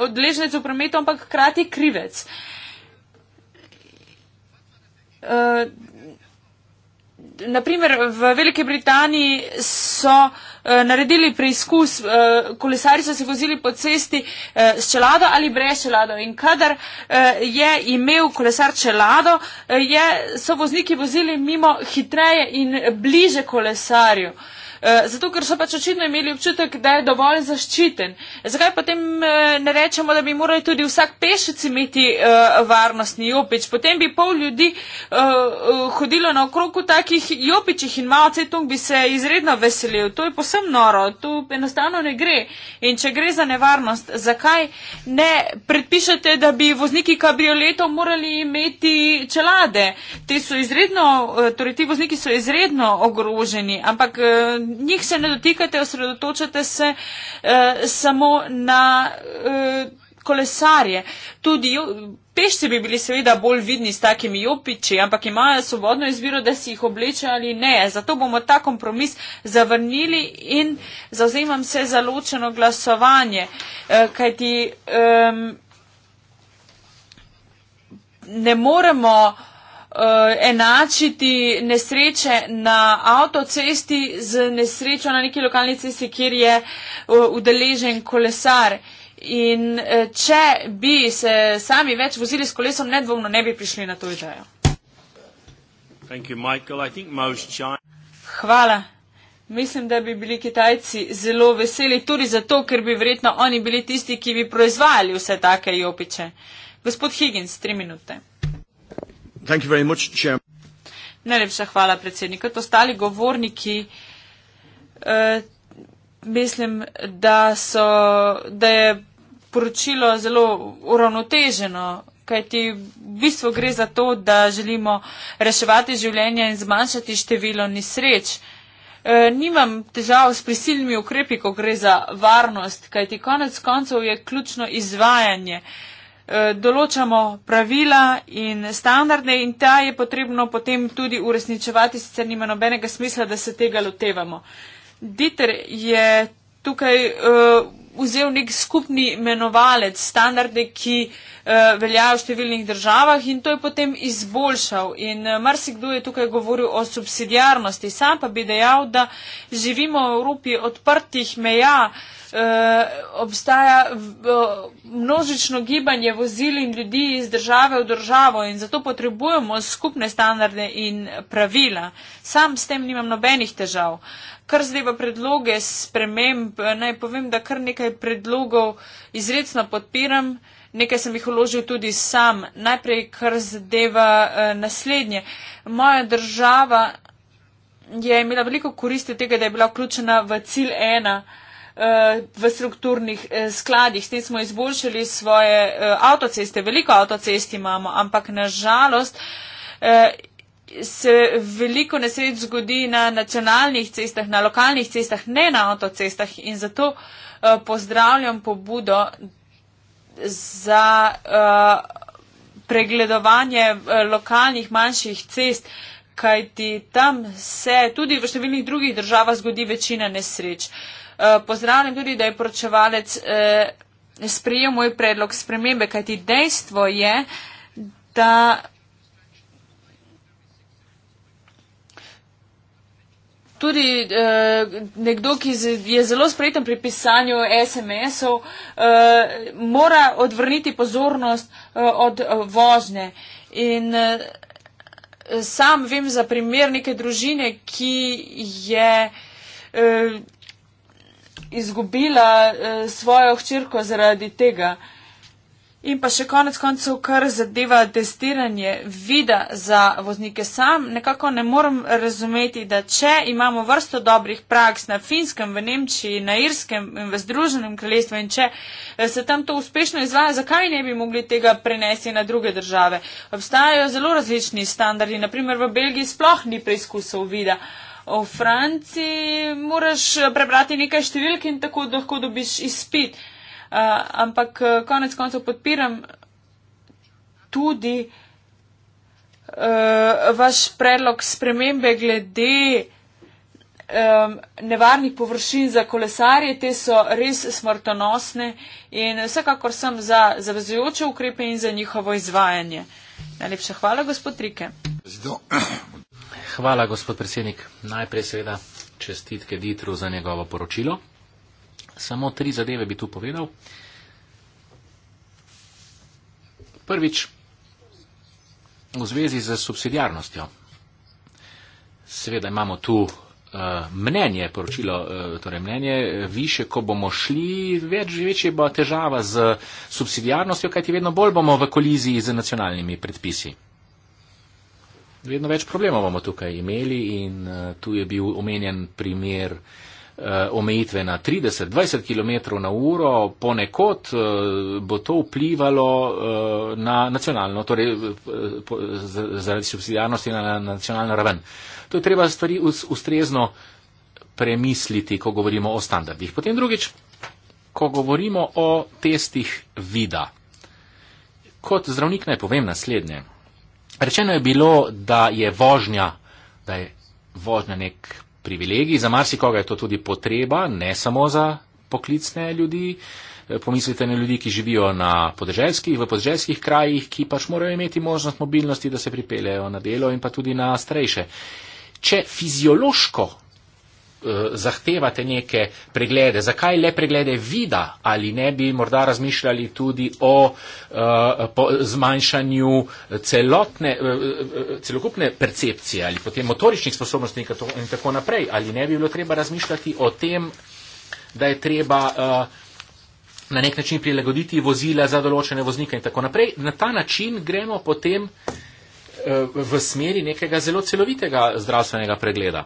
odeležence v prometu, ampak hkrati krivec. Uh, naprimer v Veliki Britaniji so eh, naredili preizkus, eh, kolesari so se vozili po cesti eh, s čelado ali brez čelado in kadar eh, je imel kolesar čelado, eh, je, so vozniki vozili mimo hitreje in bliže kolesarju. Eh, Eh, zato ker so pač očitno imeli občutek, da je dovolj zaščiten. Zakaj potem eh, ne rečemo, da bi morali tudi vsak pešec imeti eh, varnostni jopič? Potem bi pol ljudi hodilo naokrog v takih jopičih in malce tung bi se izredno veselil. To je posem noro, to enostavno ne gre. In če gre za nevarnost, zakaj ne predpišete, da bi vozniki kabrioletov morali imeti čelade? Te so izredno, torej ti vozniki so izredno ogroženi, ampak njih se ne dotikate, osredotočate se uh, samo na uh, kolesarje. Tudi pešci bi bili seveda bolj vidni s takimi jopiči, ampak imajo svobodno izbiro, da si jih obleče ali ne. Zato bomo ta kompromis zavrnili in zauzemam se za ločeno glasovanje. Uh, kajti, um, ne moremo uh, uh, enačiti nesreče na avtocesti z nesrečo na neki lokalni cesti, kjer je uh, udeležen kolesar. In uh, če bi se sami več vozili s kolesom, nedvomno ne bi prišli na to idejo. Hvala. Mislim, da bi bili Kitajci zelo veseli, tudi zato, ker bi verjetno oni bili tisti, ki bi proizvajali vse take jopiče. Gospod Higgins, tri minute. Najlepša hvala, predsednik. Kot ostali govorniki, eh, mislim, da, so, da je poročilo zelo uravnoteženo, kajti v bistvu gre za to, da želimo reševati življenje in zmanjšati število nesreč. Eh, nimam težav s prisilnimi ukrepi, ko gre za varnost, kajti konec koncev je ključno izvajanje. Uh, Eh, določamo pravila in standarde in ta je potrebno potem tudi uresničevati, sicer nima nobenega smisla, da se tega lotevamo. Diter je tukaj uh, vzel nek skupni menovalec, standarde, ki uh, veljajo v številnih državah in to je potem izboljšal. In uh, marsikdo je tukaj govoril o subsidijarnosti. Sam pa bi dejal, da živimo v Evropi odprtih meja. Uh, Eh, obstaja množično gibanje vozil in ljudi iz države v državo in zato potrebujemo skupne standarde in pravila. Sam s tem nimam nobenih težav. Kar zdajva predloge sprememb, eh, naj povem, da kar nekaj predlogov izredno podpiram. Nekaj sem jih uložil tudi sam. Najprej, kar zadeva eh, naslednje. Moja država je imela veliko koristi tega, da je bila vključena v cilj ena eh, v strukturnih eh, skladih. S tem smo izboljšali svoje eh, avtoceste. Veliko avtocest imamo, ampak nažalost eh, se veliko nesreč zgodi na nacionalnih cestah, na lokalnih cestah, ne na avtocestah in zato pozdravljam pobudo za pregledovanje lokalnih manjših cest, kajti tam se tudi v številnih drugih državah zgodi večina nesreč. Uh, Eh, pozdravljam tudi, da je poročevalec eh, sprejel moj predlog spremembe, kajti dejstvo je, da. Tudi eh, nekdo, ki je zelo spreten pri pisanju SMS-ov, eh, mora odvrniti pozornost eh, od eh, vožnje. In eh, sam vem za primer neke družine, ki je eh, izgubila uh, svojo hčerko zaradi tega. In pa še konec koncev, kar zadeva testiranje vida za voznike sam, nekako ne morem razumeti, da če imamo vrsto dobrih praks na finskem, v Nemčiji, na irskem in v Združenem kraljestvu in če eh, se tam to uspešno izvaja, zakaj ne bi mogli tega prenesti na druge države? Obstajajo zelo različni standardi, naprimer v Belgiji sploh ni preizkusov vida. Uh, o Franciji, moraš prebrati nekaj številk in tako lahko dobiš izpit. Uh, ampak eh, konec koncev podpiram tudi uh, vaš predlog spremembe glede um, nevarnih površin za kolesarje. Te so res smrtonosne in vsekakor sem za zavezujoče ukrepe in za njihovo izvajanje. Najlepša hvala, gospod Rike. Zdo, Hvala, gospod predsednik. Najprej seveda čestitke Ditru za njegovo poročilo. Samo tri zadeve bi tu povedal. Prvič, v zvezi z subsidijarnostjo. Seveda imamo tu uh, mnenje, poročilo, uh, torej mnenje, više, ko bomo šli, več, večje bo težava z subsidijarnostjo, kajti vedno bolj bomo v koliziji z nacionalnimi predpisi. Vedno več problemov bomo tukaj imeli in uh, tu je bil omenjen primer uh, omejitve na 30-20 km na uro. Ponekod uh, bo to vplivalo uh, na nacionalno, torej po, z, zaradi subsidijarnosti na, na nacionalno raven. To je treba stvari us, ustrezno premisliti, ko govorimo o standardih. Potem drugič, ko govorimo o testih vida. Kot zdravnik naj povem naslednje. Rečeno je bilo, da je vožnja, da je vožnja nek privilegij, za marsikoga je to tudi potreba, ne samo za poklicne ljudi. E, pomislite na ljudi, ki živijo na podeželskih, v podeželskih krajih, ki pač morajo imeti možnost mobilnosti, da se pripeljejo na delo in pa tudi na starejše. Če fiziološko Eh, zahtevate neke preglede. Zakaj le preglede vida ali ne bi morda razmišljali tudi o uh, zmanjšanju celotne, uh, celokupne percepcije ali potem motoričnih sposobnosti in tako, in tako naprej. Ali ne bi bilo treba razmišljati o tem, da je treba uh, na nek način prilagoditi vozila za določene voznike in tako naprej. Na ta način gremo potem uh, v smeri nekega zelo celovitega zdravstvenega pregleda.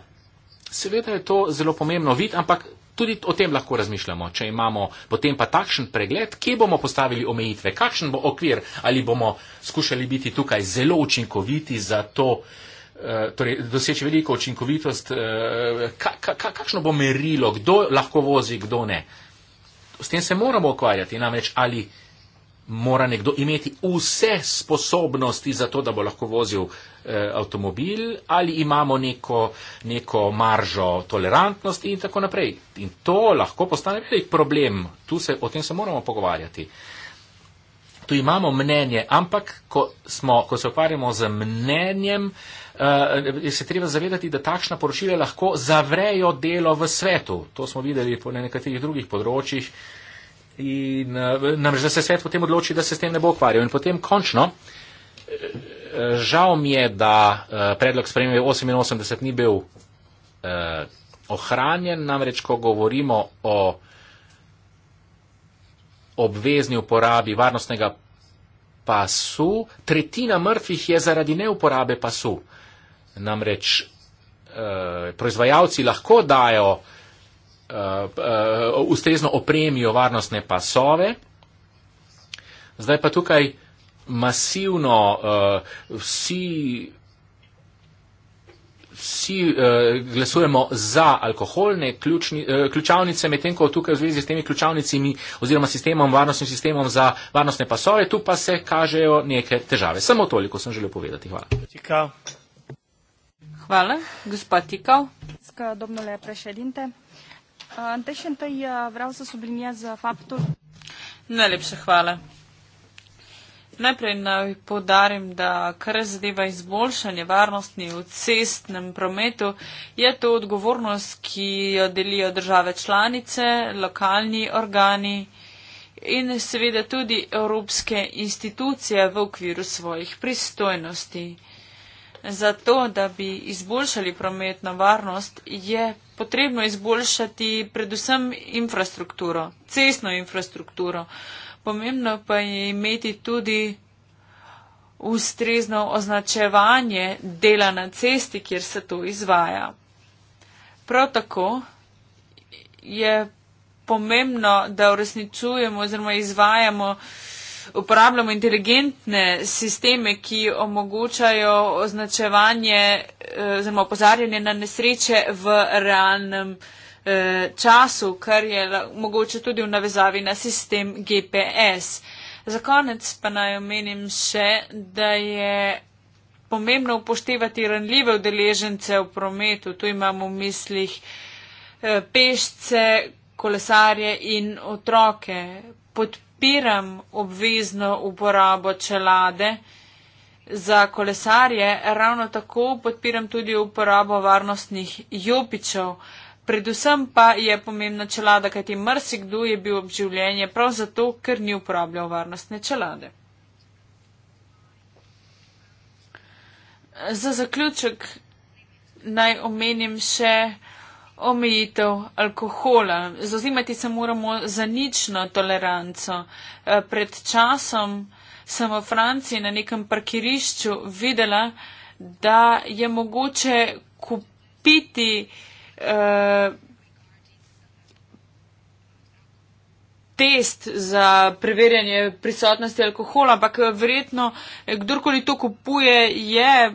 Seveda je to zelo pomembno videti, ampak tudi o tem lahko razmišljamo. Če imamo potem pa takšen pregled, kje bomo postavili omejitve, kakšen bo okvir, ali bomo skušali biti tukaj zelo učinkoviti za to, eh, torej doseči veliko učinkovitost, eh, kakšno bo merilo, kdo lahko vozi, kdo ne. S tem se moramo ukvarjati, namreč ali mora nekdo imeti vse sposobnosti za to, da bo lahko vozil eh, avtomobil ali imamo neko, neko maržo tolerantnosti in tako naprej. In to lahko postane velik problem. Tu se o tem se moramo pogovarjati. Tu imamo mnenje, ampak ko, smo, ko se ukvarjamo z mnenjem, eh, se treba zavedati, da takšna poročila lahko zavrejo delo v svetu. To smo videli po nekaterih drugih področjih. Eh, in eh, namreč, da se svet potem odloči, da se s tem ne bo ukvarjal. In potem končno, eh, eh, žal mi je, da predlog spremembe 88 ni bil ohranjen, namreč, ko govorimo o obvezni uporabi varnostnega pasu, tretjina mrtvih je zaradi neuporabe pasu. Namreč, proizvajalci lahko dajo uh, ustrezno opremijo varnostne pasove. Zdaj pa tukaj masivno uh, vsi, vsi uh, glasujemo za alkoholne ključni, uh, ključavnice, medtem ko tukaj v zvezi s temi ključavnicami oziroma sistemom, varnostnim sistemom za varnostne pasove, tu pa se kažejo neke težave. Samo toliko sem želel povedati. Hvala. Hvala. Gospod Tikal. Deci, întâi vreau să subliniez faptul. Najlepša hvala. Najprej naj podarim, da kar zadeva izboljšanje varnosti v cestnem prometu, je to odgovornost, ki jo delijo države članice, lokalni organi in seveda tudi evropske institucije v okviru svojih pristojnosti za to, da bi izboljšali prometno varnost, je potrebno izboljšati predvsem infrastrukturo, cestno infrastrukturo. Pomembno pa je imeti tudi ustrezno označevanje dela na cesti, kjer se to izvaja. Prav tako je pomembno, da uresničujemo oziroma izvajamo uporabljamo inteligentne sisteme, ki omogočajo označevanje eh, oziroma opozarjanje na nesreče v realnem eh, času, kar je mogoče tudi v navezavi na sistem GPS. Za konec pa naj omenim še, da je pomembno upoštevati ranljive udeležence v prometu. Tu imamo v mislih eh, pešce, kolesarje in otroke. Podpirati podpiram obvezno uporabo čelade za kolesarje, ravno tako podpiram tudi uporabo varnostnih jopičev. Predvsem pa je pomembna čelada, kajti mrsikdo je bil ob življenje prav zato, ker ni uporabljal varnostne čelade. Za zaključek naj omenim še omejitev alkohola. Zazimati se moramo za nično toleranco. Eh, pred časom sem v Franciji na nekem parkirišču videla, da je mogoče kupiti eh, test za preverjanje prisotnosti alkohola, ampak verjetno, kdorkoli to kupuje, je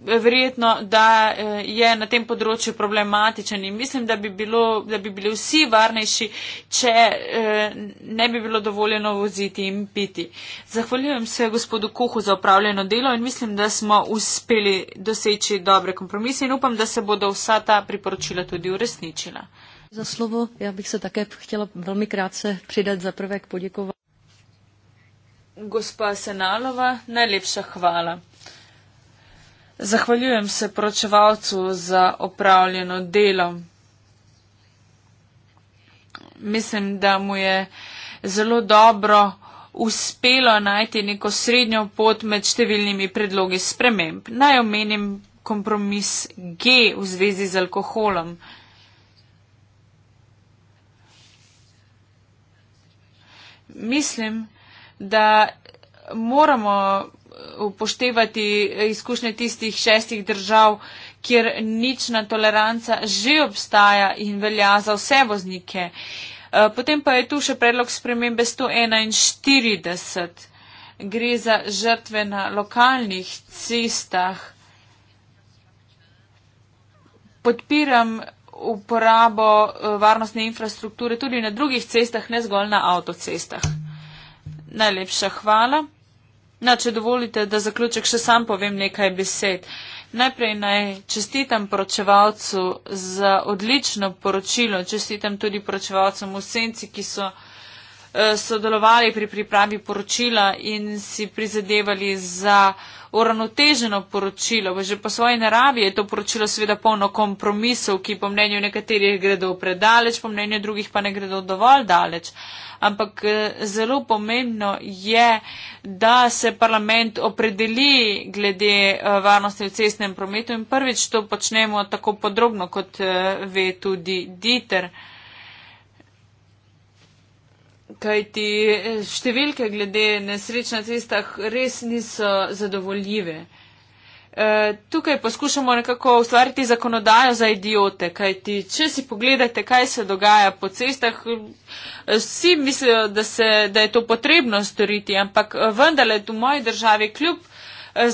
verjetno, da eh, je na tem področju problematičen in mislim, da bi, bilo, da bi bili vsi varnejši, če eh, ne bi bilo dovoljeno voziti in piti. Zahvaljujem se gospodu Kuhu za upravljeno delo in mislim, da smo uspeli doseči dobre kompromise in upam, da se bodo vsa ta priporočila tudi uresničila. Za slovo, ja bih se také htjela velmi krátce pridat za prvek poděkovat. Gospa Senalova, najlepša hvala. Zahvaljujem se poročevalcu za opravljeno delo. Mislim, da mu je zelo dobro uspelo najti neko srednjo pot med številnimi predlogi sprememb. Naj omenim kompromis G v zvezi z alkoholom. Mislim, da moramo upoštevati izkušnje tistih šestih držav, kjer nična toleranca že obstaja in velja za vse voznike. Eh, potem pa je tu še predlog spremembe 141. Gre za žrtve na lokalnih cestah. Podpiram uporabo eh, varnostne infrastrukture tudi na drugih cestah, ne zgolj na avtocestah. Najlepša hvala. No, če dovolite, da zaključek še sam povem nekaj besed. Najprej naj čestitam poročevalcu za odlično poročilo, čestitam tudi poročevalcem v senci, ki so eh, sodelovali pri pripravi poročila in si prizadevali za uravnoteženo poročilo. Že po svoji naravi je to poročilo seveda polno kompromisov, ki po mnenju nekaterih gredo predaleč, po mnenju drugih pa ne gredo dovolj daleč ampak eh, zelo pomembno je, da se parlament opredeli glede eh, varnosti v cestnem prometu in prvič to počnemo tako podrobno, kot eh, ve tudi Diter. Kaj ti številke glede nesreč na cestah res niso zadovoljive. Eh, tukaj poskušamo nekako ustvariti zakonodajo za idiote, kajti če si pogledate, kaj se dogaja po cestah, eh, vsi mislijo, da, se, da je to potrebno storiti, ampak eh, vendarle tu v moji državi kljub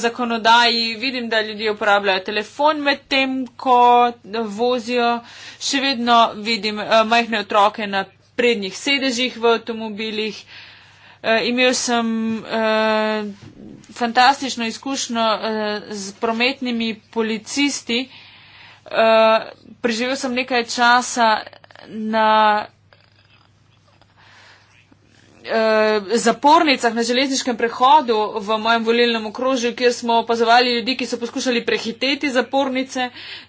zakonodaji, vidim, da ljudje uporabljajo telefon med tem, ko vozijo, še vedno vidim majhne otroke na prednjih sedežih v avtomobilih. Imel sem fantastično izkušnjo uh, eh, z prometnimi policisti. Uh, preživel sem nekaj časa na uh, zapornicah na železniškem prehodu v mojem volilnem okrožju, kjer smo opazovali ljudi, ki so poskušali prehiteti zapornice.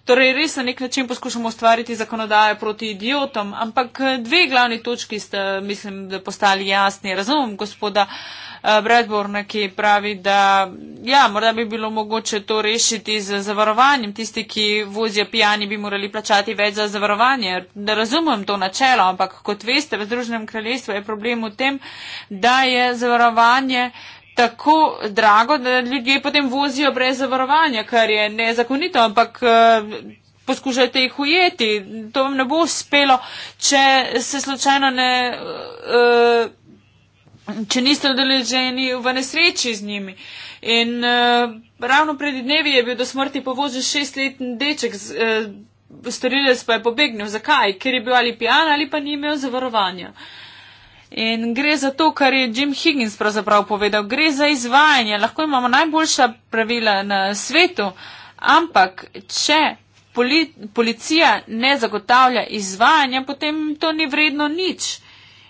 Torej, res na nek način poskušamo ustvariti zakonodajo proti idiotom. Ampak dve glavni točki sta, mislim, da postali jasni. Razumem gospoda uh, Eh, Bradborna, ki pravi, da ja, morda bi bilo mogoče to rešiti z zavarovanjem. Tisti, ki vozijo pijani, bi morali plačati več za zavarovanje. Da razumem to načelo, ampak kot veste, v Združenem kraljestvu je problem v tem, da je zavarovanje tako drago, da ljudje potem vozijo brez zavarovanja, kar je nezakonito, ampak. Eh, poskušajte jih ujeti, to vam ne bo uspelo, če se slučajno ne uh, če niste udeleženi v nesreči z njimi. In uh, ravno pred dnevi je bil do smrti povozil šestletni deček, uh, storilec pa je pobegnil. Zakaj? Ker je bil ali pijan ali pa ni imel zavarovanja. In gre za to, kar je Jim Higgins pravzaprav povedal. Gre za izvajanje. Lahko imamo najboljša pravila na svetu, ampak če poli policija ne zagotavlja izvajanja, potem to ni vredno nič.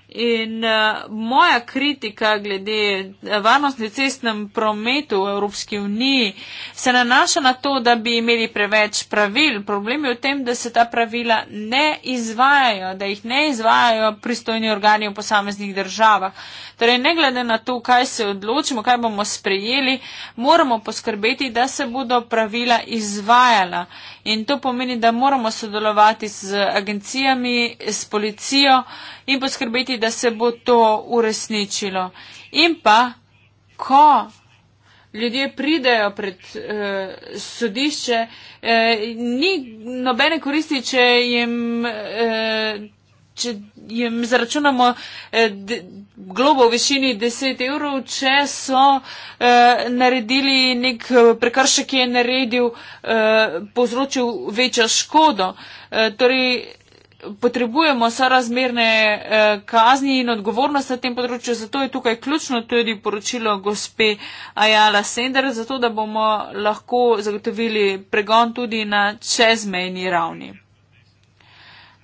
In uh, moja kritika glede eh, varnosti cestnem prometu v Evropski uniji se nanaša na to, da bi imeli preveč pravil. Problem je v tem, da se ta pravila ne izvajajo, da jih ne izvajajo pristojni organi v posameznih državah. Torej, ne glede na to, kaj se odločimo, kaj bomo sprejeli, moramo poskrbeti, da se bodo pravila izvajala. In to pomeni, da moramo sodelovati z agencijami, s policijo in poskrbeti, da se bo to uresničilo. In pa, ko ljudje pridejo pred eh, sodišče, eh, ni nobene koristi, če jim, eh, če jim zaračunamo eh, globo v višini 10 evrov, če so eh, naredili nek prekršek, ki je naredil, eh, povzročil večjo škodo. Eh, torej, potrebujemo sorazmerne eh, kazni in odgovornost na tem področju, zato je tukaj ključno tudi poročilo gospe Ajala Sender, zato da bomo lahko zagotovili pregon tudi na čezmejni ravni.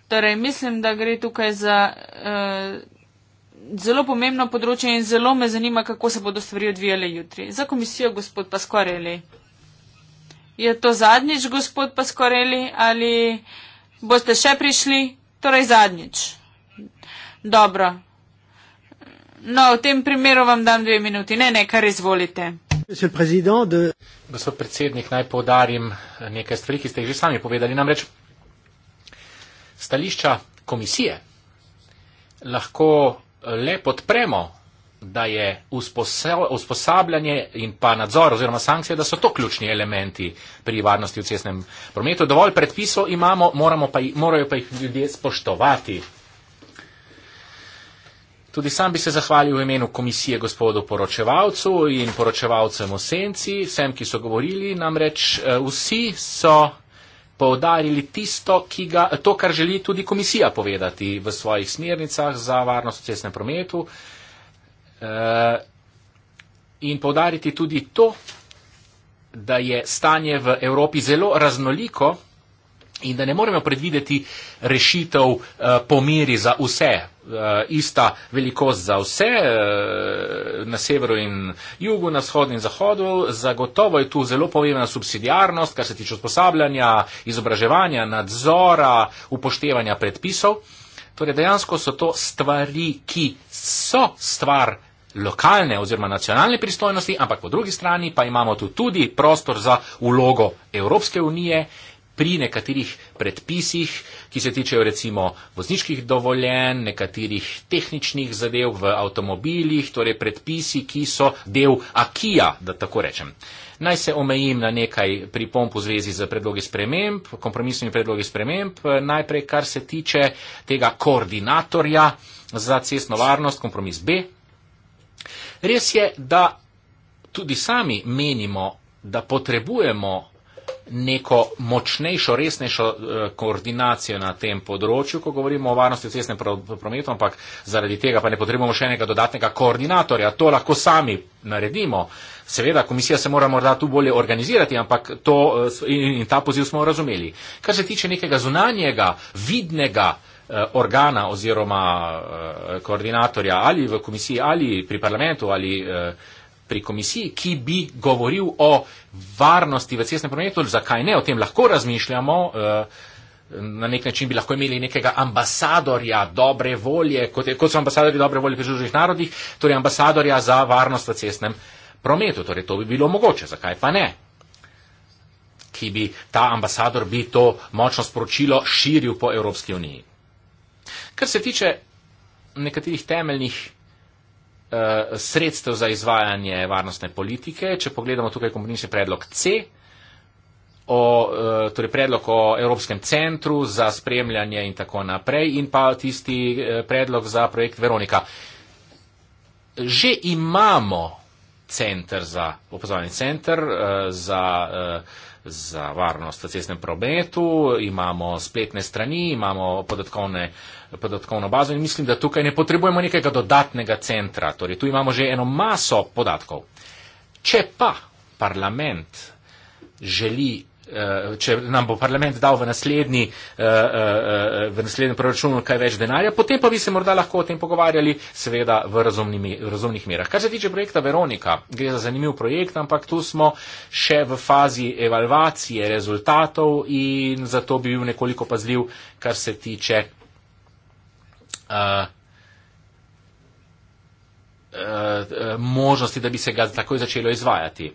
Torej, mislim, da gre tukaj za eh, zelo pomembno področje in zelo me zanima, kako se bodo stvari odvijale jutri. Za komisijo, gospod Paskoreli. Je to zadnjič, gospod Paskoreli, ali. Eh, Boste še prišli? Torej zadnjič. Dobro. No, v tem primeru vam dam dve minuti. Ne, ne, kar izvolite. Gospod predsednik, naj povdarim nekaj stvari, ki ste jih že sami povedali. Namreč stališča komisije lahko le podpremo da je usposabljanje in pa nadzor oziroma sankcije, da so to ključni elementi pri varnosti v cestnem prometu. Dovolj predpisov imamo, pa jih, morajo pa jih ljudje spoštovati. Tudi sam bi se zahvalil v imenu komisije gospodu poročevalcu in poročevalcem v senci, vsem, ki so govorili, namreč eh, vsi so povdarili tisto, ga, to, kar želi tudi komisija povedati v svojih smernicah za varnost v cestnem prometu. Eh, in povdariti tudi to, da je stanje v Evropi zelo raznoliko in da ne moremo predvideti rešitev eh, po miri za vse. Eh, ista velikost za vse, na severu in jugu, na vzhodu in zahodu. Zagotovo je tu zelo pomembna subsidijarnost, kar se tiče usposabljanja, izobraževanja, nadzora, upoštevanja predpisov. Torej, dejansko so to stvari, ki so stvar lokalne oziroma nacionalne pristojnosti, ampak po drugi strani pa imamo tu tudi prostor za ulogo Evropske unije pri nekaterih predpisih, ki se tičejo recimo vozniških dovoljen, nekaterih tehničnih zadev v avtomobilih, torej predpisi, ki so del akija, da tako rečem. Naj se omejim na nekaj pripomp v zvezi z predlogi sprememb, kompromisnimi predlogi sprememb. Najprej, kar se tiče tega koordinatorja za cestno varnost, kompromis B, Res je, da tudi sami menimo, da potrebujemo neko močnejšo, resnejšo eh, koordinacijo na tem področju, ko govorimo o varnosti v cestnem prometu, ampak zaradi tega pa ne potrebujemo še enega dodatnega koordinatorja. To lahko sami naredimo. Seveda, komisija se mora morda tu bolje organizirati, ampak to eh, in, in ta poziv smo razumeli. Kar se tiče nekega zunanjega, vidnega, Eh, organa oziroma eh, koordinatorja ali v komisiji ali pri parlamentu ali eh, pri komisiji, ki bi govoril o varnosti v cestnem prometu, zakaj ne, o tem lahko razmišljamo, na nek način bi lahko imeli nekega ambasadorja dobre volje, kot, je, kot so ambasadori dobre volje pri Združenih narodih, torej ambasadorja za varnost v cestnem prometu, torej to bi bilo mogoče, zakaj pa ne ki bi ta ambasador, bi to močno sporočilo širil po Evropski uniji. Kar se tiče nekaterih temeljnih uh, sredstev za izvajanje varnostne politike, če pogledamo tukaj kompromisni predlog C, o, uh, torej predlog o Evropskem centru za spremljanje in tako naprej in pa tisti uh, predlog za projekt Veronika. Že imamo centr za opozorjeni centr uh, za. Uh, za varnost v cestnem prometu, imamo spletne strani, imamo podatkovne, podatkovno bazo in mislim, da tukaj ne potrebujemo nekega dodatnega centra. Torej, tu imamo že eno maso podatkov. Če pa parlament želi Eh, če nam bo parlament dal v, naslednji, eh, eh, v naslednjem proračunu kaj več denarja, potem pa bi se morda lahko o tem pogovarjali, seveda v, razumnimi, v razumnih merah. Kar se tiče projekta Veronika, gre za zanimiv projekt, ampak tu smo še v fazi evalvacije rezultatov in zato bi bil nekoliko pazljiv, kar se tiče. Uh, možnosti, da bi se ga takoj začelo izvajati.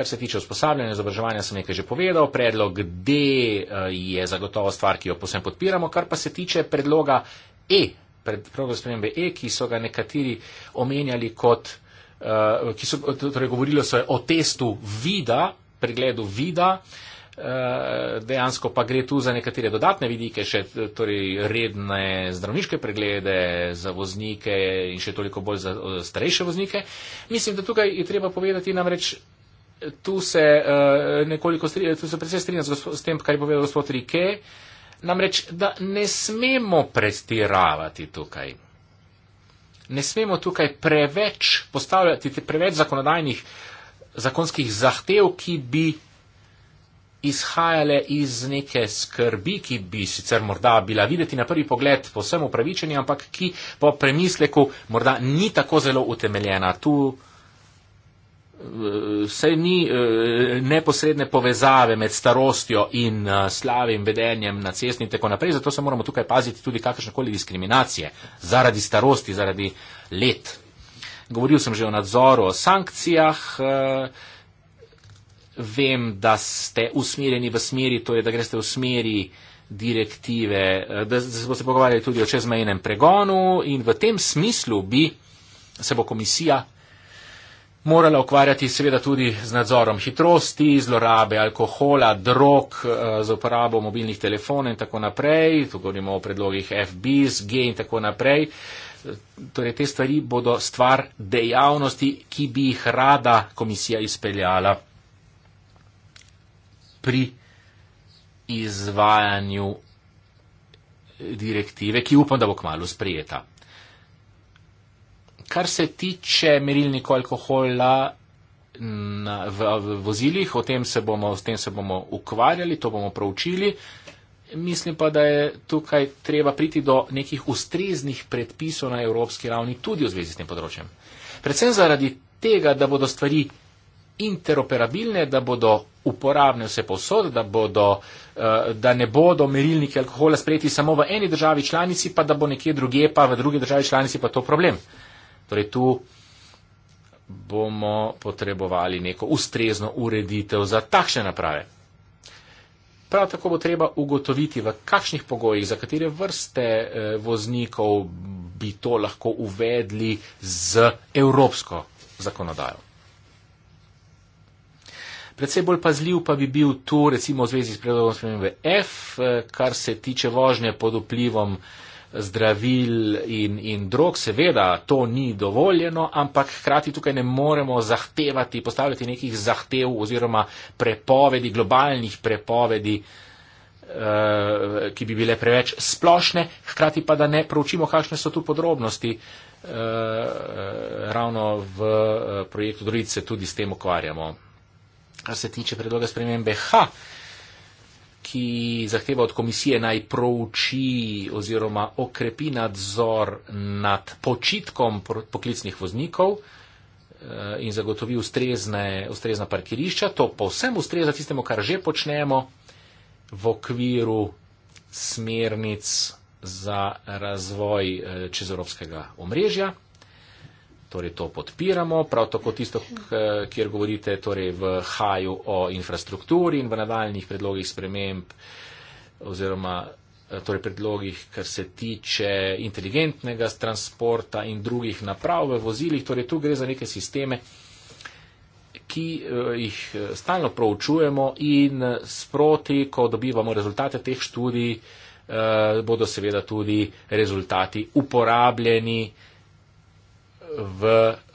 Kar se tiče usposabljanja in izobraževanja, sem nekaj že povedal. Predlog D eh, je zagotovo stvar, ki jo posem podpiramo. Kar pa se tiče predloga E, predloga spremembe E, ki so ga nekateri omenjali kot, eh, ki so torej govorili so o testu vida, pregledu vida. Eh, dejansko pa gre tu za nekatere dodatne vidike, še torej redne zdravniške preglede za voznike in še toliko bolj za starejše voznike. Mislim, da tukaj je treba povedati namreč Tu se uh, nekoliko strinjam s tem, kar je povedal gospod Rike. Namreč, da ne smemo prestiravati tukaj. Ne smemo tukaj preveč postavljati preveč zakonodajnih zakonskih zahtev, ki bi izhajale iz neke skrbi, ki bi sicer morda bila videti na prvi pogled posebno upravičeni, ampak ki po premisleku morda ni tako zelo utemeljena. Tu Sej ni eh, neposredne povezave med starostjo in eh, slavim vedenjem na cesti in tako naprej, zato se moramo tukaj paziti tudi kakršnekoli diskriminacije zaradi starosti, zaradi let. Govoril sem že o nadzoru, o sankcijah. Eh, vem, da ste usmerjeni v smeri, to je, da greste v smeri direktive, da se boste pogovarjali tudi o čezmejnem pregonu in v tem smislu bi se bo komisija morala ukvarjati seveda tudi z nadzorom hitrosti, zlorabe alkohola, drog eh, z uporabo mobilnih telefonov in tako naprej, tu govorimo o predlogih FBs, G in tako naprej. Torej, te stvari bodo stvar dejavnosti, ki bi jih rada komisija izpeljala pri izvajanju direktive, ki upam, da bo kmalo sprijeta. Kar se tiče merilnikov alkohola na, v, v vozilih, o tem se, bomo, tem se bomo ukvarjali, to bomo proučili. Mislim pa, da je tukaj treba priti do nekih ustreznih predpisov na evropski ravni tudi v zvezi s tem področjem. Predvsem zaradi tega, da bodo stvari interoperabilne, da bodo uporabne vse posod, da, bodo, eh, da ne bodo merilniki alkohola sprejeti samo v eni državi članici, pa da bo nekje druge, pa v drugi državi članici pa to problem. Torej, tu bomo potrebovali neko ustrezno ureditev za takšne naprave. Prav tako bo treba ugotoviti, v kakšnih pogojih, za katere vrste eh, voznikov bi to lahko uvedli z evropsko zakonodajo. Predvsej bolj pazljiv pa bi bil tu recimo v zvezi s predlogom spremembe F, eh, kar se tiče vožnje pod vplivom zdravil in, in drog, seveda to ni dovoljeno, ampak hkrati tukaj ne moremo zahtevati, postavljati nekih zahtev oziroma prepovedi, globalnih prepovedi, eh, ki bi bile preveč splošne, hkrati pa da ne proučimo, kakšne so tu podrobnosti. Eh, ravno v eh, projektu Drugice tudi s tem ukvarjamo. Kar se tiče predloga spremembe H, ki zahteva od komisije naj prouči oziroma okrepi nadzor nad počitkom poklicnih voznikov eh, in zagotovi ustrezne, ustrezna parkirišča. To povsem ustreza tistemu, kar že počnemo v okviru smernic za razvoj eh, čezevropskega omrežja. Torej, to podpiramo, prav tako tisto, kjer govorite torej v haju o infrastrukturi in v nadaljnih predlogih sprememb oziroma eh, torej predlogih, kar se tiče inteligentnega transporta in drugih naprav v vozilih. Torej, tu gre za neke sisteme, ki eh, jih eh, stalno proučujemo in sproti, ko dobivamo rezultate teh študij, bodo seveda tudi rezultati uporabljeni v,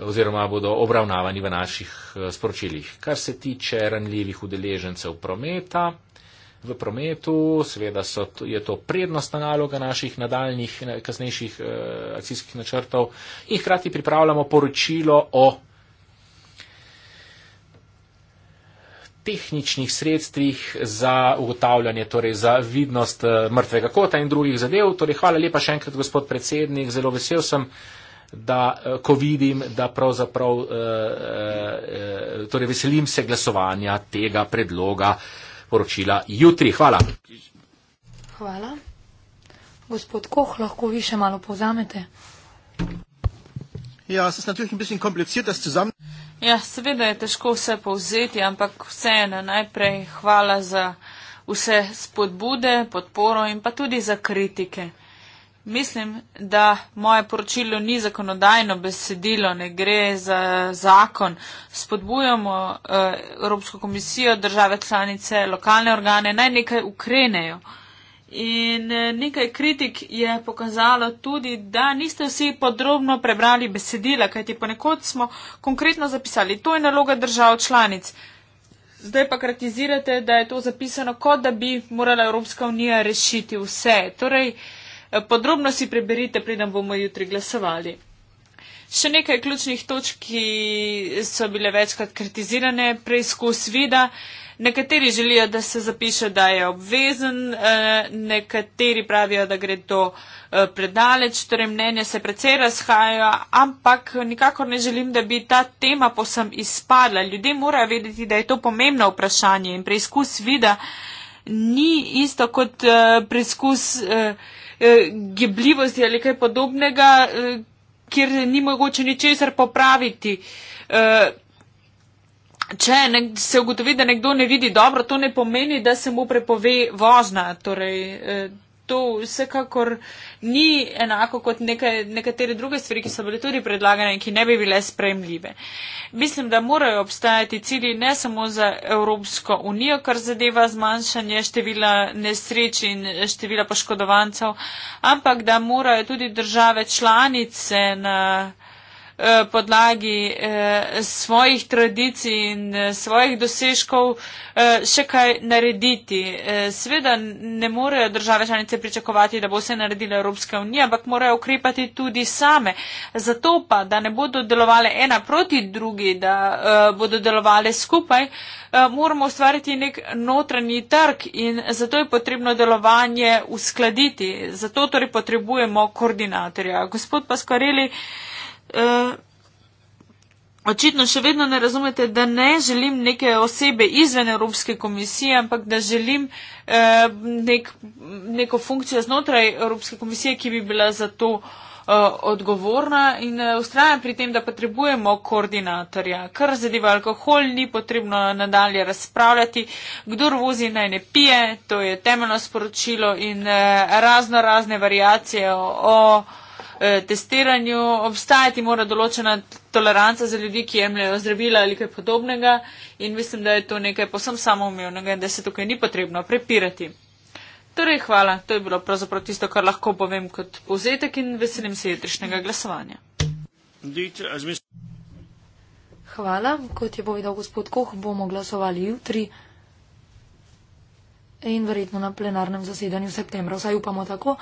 oziroma bodo obravnavani v naših eh, sporočilih. Kar se tiče ranljivih udeležencev prometa, v prometu, seveda so, je to prednostna naloga naših nadaljnih eh, kasnejših eh, akcijskih načrtov in hkrati pripravljamo poročilo o tehničnih sredstvih za ugotavljanje, torej za vidnost eh, mrtvega kota in drugih zadev. Torej, hvala lepa še enkrat, gospod predsednik, zelo vesel sem da eh, ko vidim, da pravzaprav, eh, eh, torej veselim se glasovanja tega predloga poročila jutri. Hvala. Hvala. Gospod Koh, lahko vi še malo povzamete? Ja, se s natančnim mislim komplicirati, da ste za mnom. Ja, seveda je težko vse povzeti, ampak vseeno najprej hvala za vse spodbude, podporo in pa tudi za kritike. Mislim, da moje poročilo ni zakonodajno besedilo, ne gre za zakon. Spodbujamo eh, Evropsko komisijo, države članice, lokalne organe, naj nekaj ukrenejo. In eh, nekaj kritik je pokazalo tudi, da niste vsi podrobno prebrali besedila, kajti ponekod smo konkretno zapisali, to je naloga držav članic. Zdaj pa kritizirate, da je to zapisano, kot da bi morala Evropska unija rešiti vse. Torej, Podrobno si preberite, preden bomo jutri glasovali. Še nekaj ključnih točk, ki so bile večkrat kritizirane, preizkus vida. Nekateri želijo, da se zapiše, da je obvezen, eh, nekateri pravijo, da gre to eh, predaleč, torej mnenja se precej razhajajo, ampak nikakor ne želim, da bi ta tema posem izpadla. Ljudje morajo vedeti, da je to pomembno vprašanje in preizkus vida ni isto kot eh, preizkus. Eh, gibljivosti ali kaj podobnega, eh, kjer ni mogoče ničesar popraviti. Eh, če se ugotovi, da nekdo ne vidi dobro, to ne pomeni, da se mu prepove vožna. Torej, to vsekakor ni enako kot nekaj, nekatere druge stvari, ki so bile tudi predlagane in ki ne bi bile spremljive. Mislim, da morajo obstajati cilji ne samo za Evropsko unijo, kar zadeva zmanjšanje števila nesreč in števila poškodovancev, ampak da morajo tudi države članice na Eh, podlagi eh, svojih tradicij in eh, svojih dosežkov še kaj narediti. Sveda ne morejo države članice pričakovati, da bo vse naredila Evropska unija, ampak morajo ukrepati tudi same. Zato pa, da ne bodo delovali ena proti drugi, da bodo delovali skupaj, moramo ustvariti nek notranji trg in zato je potrebno delovanje uskladiti. Zato torej potrebujemo koordinatorja. Gospod Paskareli, uh, očitno še vedno ne razumete, da ne želim neke osebe izven Evropske komisije, ampak da želim uh, nek, neko funkcijo znotraj Evropske komisije, ki bi bila za to eh, odgovorna in ustrajam pri tem, da potrebujemo koordinatorja. Kar zadeva alkohol, ni potrebno nadalje razpravljati. Kdor vozi, naj ne pije, to je temeljno sporočilo in razno razne variacije o, o Eh, testiranju, obstajati mora določena toleranca za ljudi, ki jemljajo zdravila ali kaj podobnega in mislim, da je to nekaj posem samoumevnega in da se tukaj ni potrebno prepirati. Torej, hvala, to je bilo pravzaprav tisto, kar lahko povem kot povzetek in veselim se jutrišnjega glasovanja. Hvala, kot je povedal gospod Koh, bomo glasovali jutri in verjetno na plenarnem zasedanju septembra, vsaj upamo tako.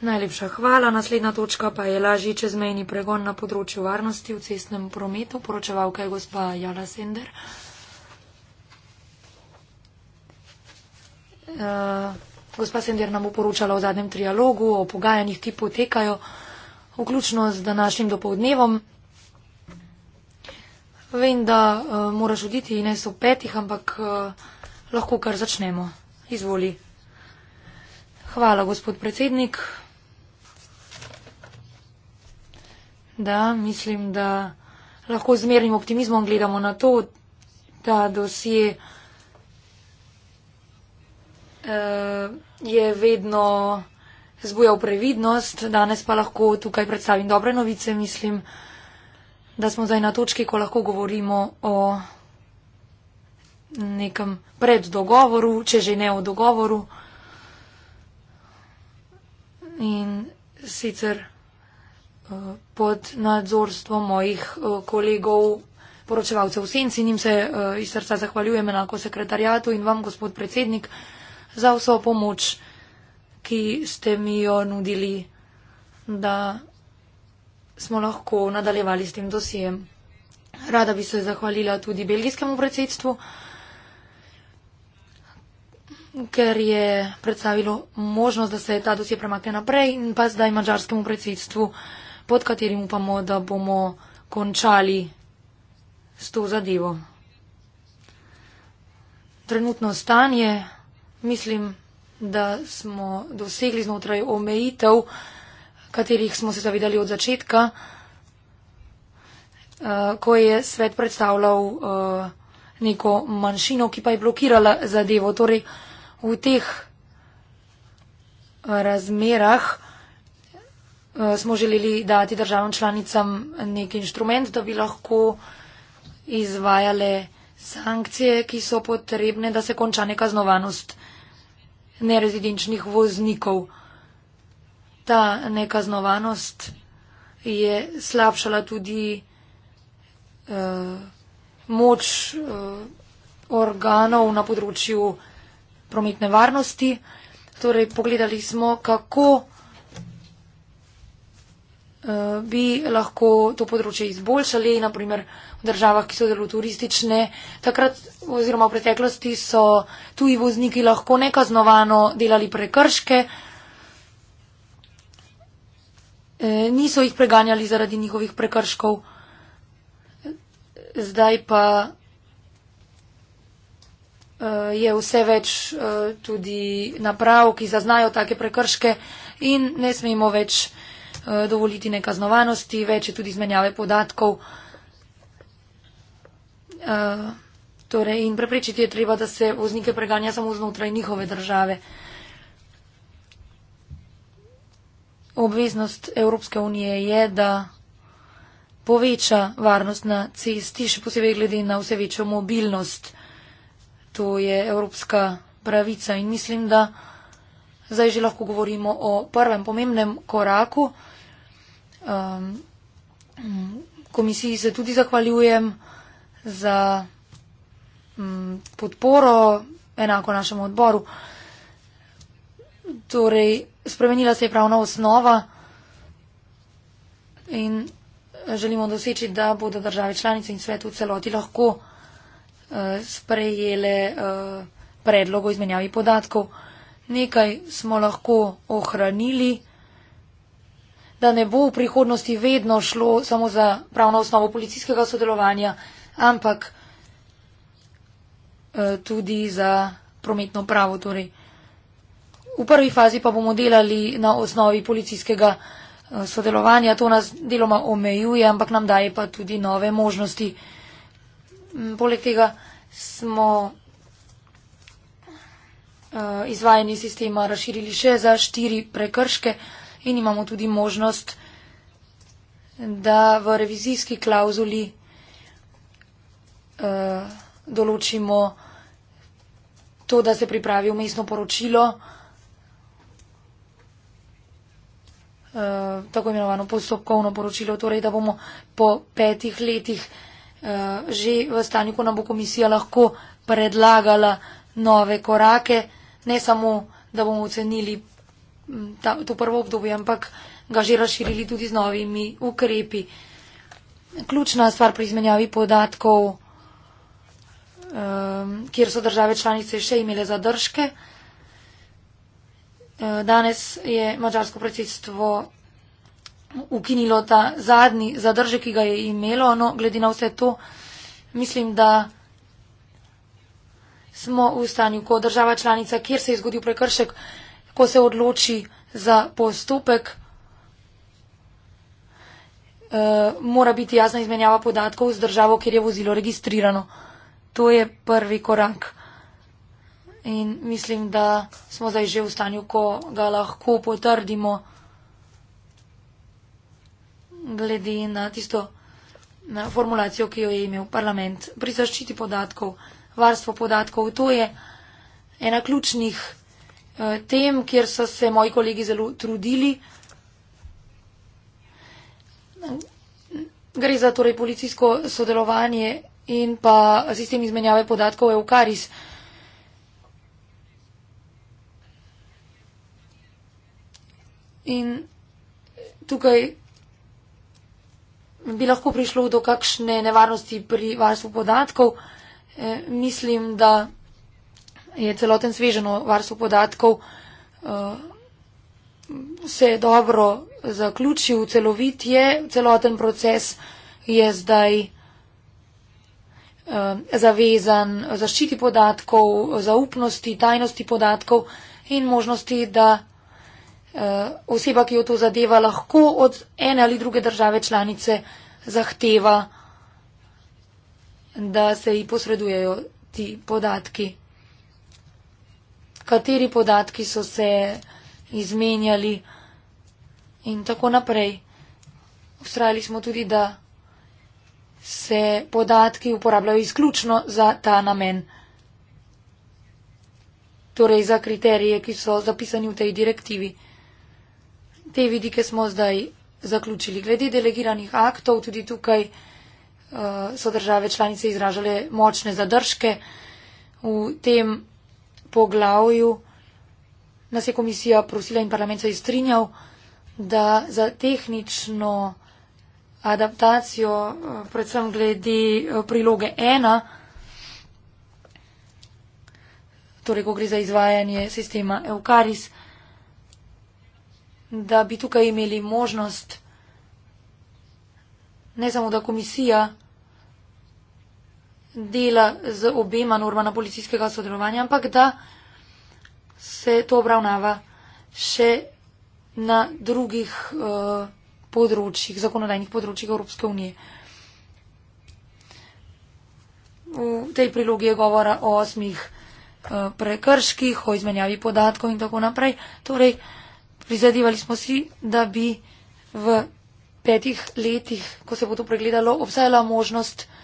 Najlepša hvala. Naslednja točka pa je lažji čezmejni pregon na področju varnosti v cestnem prometu. Poročevalka je gospa Jana Sender. Uh, gospa Sender nam bo poročala o zadnjem trialogu, o pogajanjih, ki potekajo, vključno z današnjim dopovdnevom. Vem, da uh, moraš oditi in ne so petih, ampak uh, lahko kar začnemo. Izvoli. Hvala, gospod predsednik. Da, mislim, da lahko z mernim optimizmom gledamo na to, da dosje uh, je vedno zbujal previdnost, danes pa lahko tukaj predstavim dobre novice. Mislim, da smo zdaj na točki, ko lahko govorimo o nekem preddogovoru, če že ne o dogovoru. In sicer. Eh, pod nadzorstvom mojih eh, kolegov poročevalcev v senci. Nim se eh, iz srca zahvaljujem enako sekretarjatu in vam, gospod predsednik, za vso pomoč, ki ste mi jo nudili, da smo lahko nadaljevali s tem dosijem. Rada bi se zahvalila tudi belgijskemu predsedstvu, ker je predstavilo možnost, da se ta dosje premakne naprej in pa zdaj mačarskemu predsedstvu pod katerim upamo, da bomo končali s to zadevo. Trenutno stanje, mislim, da smo dosegli znotraj omejitev, katerih smo se zavedali od začetka, eh, ko je svet predstavljal eh, neko manjšino, ki pa je blokirala zadevo. Torej, v teh eh, razmerah Eh, smo želeli dati državam članicam nek inštrument, da bi lahko izvajale sankcije, ki so potrebne, da se konča nekaznovanost nerezidenčnih voznikov. Ta nekaznovanost je slabšala tudi uh, moč uh, organov na področju prometne varnosti. Torej, pogledali smo, kako Eh, bi lahko to področje izboljšali, naprimer v državah, ki so zelo turistične. Takrat oziroma v preteklosti so tuji vozniki lahko nekaznovano delali prekrške, eh, niso jih preganjali zaradi njihovih prekrškov. Zdaj pa eh, je vse več tudi naprav, ki zaznajo take prekrške in ne smemo več. Eh, dovoliti nekaznovanosti, več je tudi izmenjave podatkov. Eh, torej, in preprečiti je treba, da se voznike preganja samo znotraj njihove države. Obveznost Evropske unije je, da poveča varnost na cesti, še posebej glede na vse večjo mobilnost. To je evropska pravica in mislim, da zdaj že lahko govorimo o prvem pomembnem koraku um, komisiji se tudi zahvaljujem za um, podporo, enako našemu odboru. Torej, spremenila se je pravna osnova in želimo doseči, da bodo države članice in svet v celoti lahko uh, sprejele uh, predlogo izmenjavi podatkov. Nekaj smo lahko ohranili da ne bo v prihodnosti vedno šlo samo za pravno osnovo policijskega sodelovanja, ampak eh, tudi za prometno pravo. Torej. V prvi fazi pa bomo delali na osnovi policijskega eh, sodelovanja. To nas deloma omejuje, ampak nam daje pa tudi nove možnosti. Mm, poleg tega smo eh, izvajanje sistema razširili še za štiri prekrške in imamo tudi možnost, da v revizijski klauzuli uh, določimo to, da se pripravi umestno poročilo, uh, tako imenovano postopkovno poročilo, torej da bomo po petih letih uh, že v stanju, ko nam bo komisija lahko predlagala nove korake, ne samo, da bomo ocenili Mm, ta, to prvo obdobje, ampak ga že razširili tudi z novimi ukrepi. Ključna stvar pri izmenjavi podatkov, um, kjer so države članice še imele zadržke. E, danes je mačarsko predsedstvo ukinilo ta zadnji zadržek, ki ga je imelo. No, glede na vse to, mislim, da smo v stanju, ko država članica, kjer se je zgodil prekršek, ko se odloči za postopek, eh, mora biti jasna izmenjava podatkov z državo, kjer je vozilo registrirano. To je prvi korak. In mislim, da smo zdaj že v stanju, ko ga lahko potrdimo glede na tisto na formulacijo, ki jo je imel parlament pri zaščiti podatkov, varstvo podatkov. To je ena ključnih. Eh, tem, kjer so se moji kolegi zelo trudili. Gre za torej policijsko sodelovanje in pa sistem izmenjave podatkov Eukaris. In tukaj bi lahko prišlo do kakšne nevarnosti pri varstvu podatkov. E, mislim, da je celoten sveženo varstvo podatkov eh, se je dobro zaključil, celovit je, celoten proces je zdaj eh, zavezan zaščiti podatkov, zaupnosti, tajnosti podatkov in možnosti, da eh, oseba, ki jo to zadeva, lahko od ene ali druge države članice zahteva, da se ji posredujejo ti podatki kateri podatki so se izmenjali in tako naprej. Ustrajali smo tudi, da se podatki uporabljajo izključno za ta namen, torej za kriterije, ki so zapisani v tej direktivi. Te vidike smo zdaj zaključili. Glede delegiranih aktov, tudi tukaj uh, so države članice izražale močne zadržke v tem poglavju nas je komisija prosila in parlament se je strinjal, da za tehnično adaptacijo, eh, predvsem glede eh, priloge 1, torej ko gre za izvajanje sistema Eukaris, da bi tukaj imeli možnost ne samo da komisija dela z obema normama policijskega sodelovanja, ampak da se to obravnava še na drugih uh, področjih, zakonodajnih področjih Evropske unije. V tej prilogi je govora o osmih uh, prekrških, o izmenjavi podatkov in tako naprej. Torej, prizadevali smo si, da bi v petih letih, ko se bo to pregledalo, obstajala možnost uh,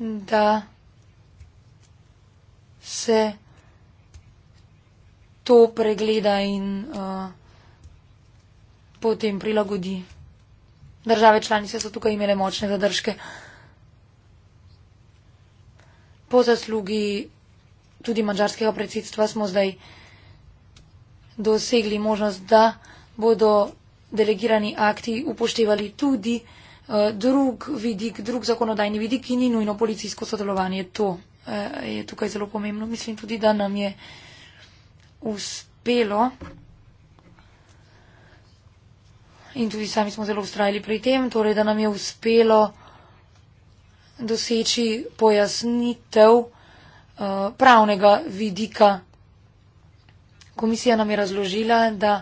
da se to pregleda in uh, potem prilagodi. Države članice so tukaj imele močne zadržke. Po zaslugi tudi mađarskega predsedstva smo zdaj dosegli možnost, da bodo delegirani akti upoštevali tudi Eh, drug vidik, drug zakonodajni vidik, ki ni nujno policijsko sodelovanje. To eh, je tukaj zelo pomembno. Mislim tudi, da nam je uspelo in tudi sami smo zelo ustrajali pri tem, torej, da nam je uspelo doseči pojasnitev eh, pravnega vidika. Komisija nam je razložila, da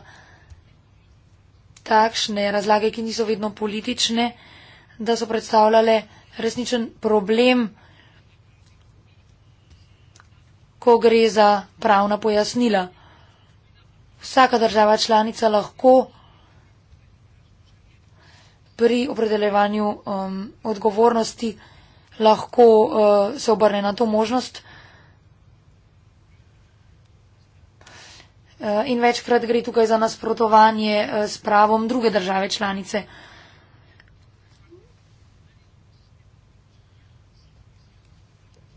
takšne razlage, ki niso vedno politične, uh, da so predstavljale resničen problem, ko gre za pravna pojasnila. Vsaka država članica lahko pri opredeljevanju um, odgovornosti lahko uh, se obrne na to možnost. Uh, in večkrat gre tukaj za nasprotovanje uh, s pravom druge države članice.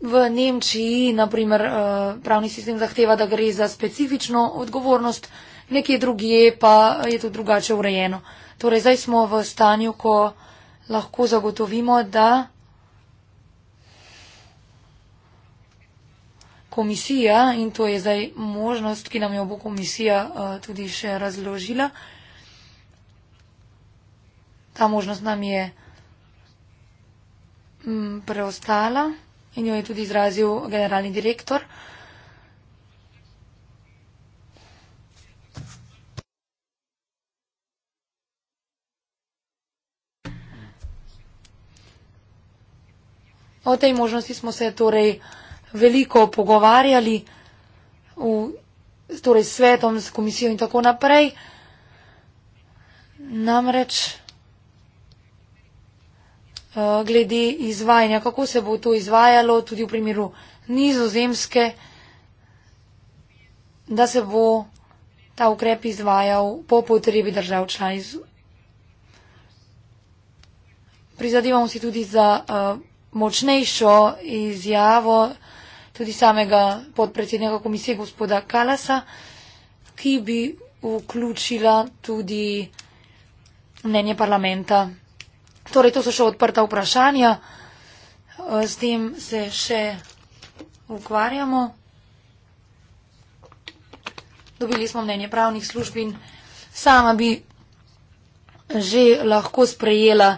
V Nemčiji, naprimer, eh, pravni sistem zahteva, da gre za specifično odgovornost, nekje drugje pa je to drugače urejeno. Torej, zdaj smo v stanju, ko lahko zagotovimo, da komisija, in to je zdaj možnost, ki nam jo bo komisija eh, tudi še razložila, ta možnost nam je mm, preostala in jo je tudi izrazil generalni direktor. O tej možnosti smo se torej veliko pogovarjali v, torej s svetom, s komisijo in tako naprej. Namreč. Eh, glede izvajanja, kako se bo to izvajalo tudi v primeru nizozemske, da se bo ta ukrep izvajal po potrebi držav članic. Prizadevamo si tudi za uh, močnejšo izjavo tudi samega podpredsednika komisije gospoda Kalasa, ki bi vključila tudi mnenje parlamenta. Torej, to so še odprta vprašanja, e, s tem se še ukvarjamo. Dobili smo mnenje pravnih služb in sama bi že lahko sprejela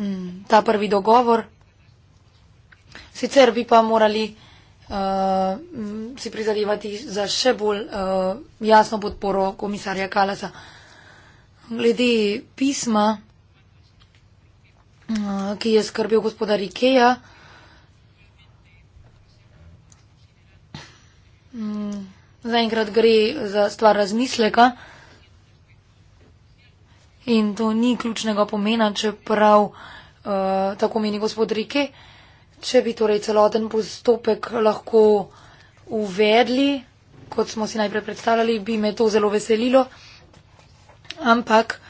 mm, ta prvi dogovor. Sicer bi pa morali uh, si prizadevati za še bolj uh, jasno podporo komisarja Kalasa glede pisma, eh, ki je skrbel gospodar Ikeja. Mm, zaenkrat gre za stvar razmisleka in to ni ključnega pomena, čeprav uh, tako meni gospod Rike. Če bi torej celoten postopek lahko uvedli, kot smo si najprej predstavljali, bi me to zelo veselilo. Ampak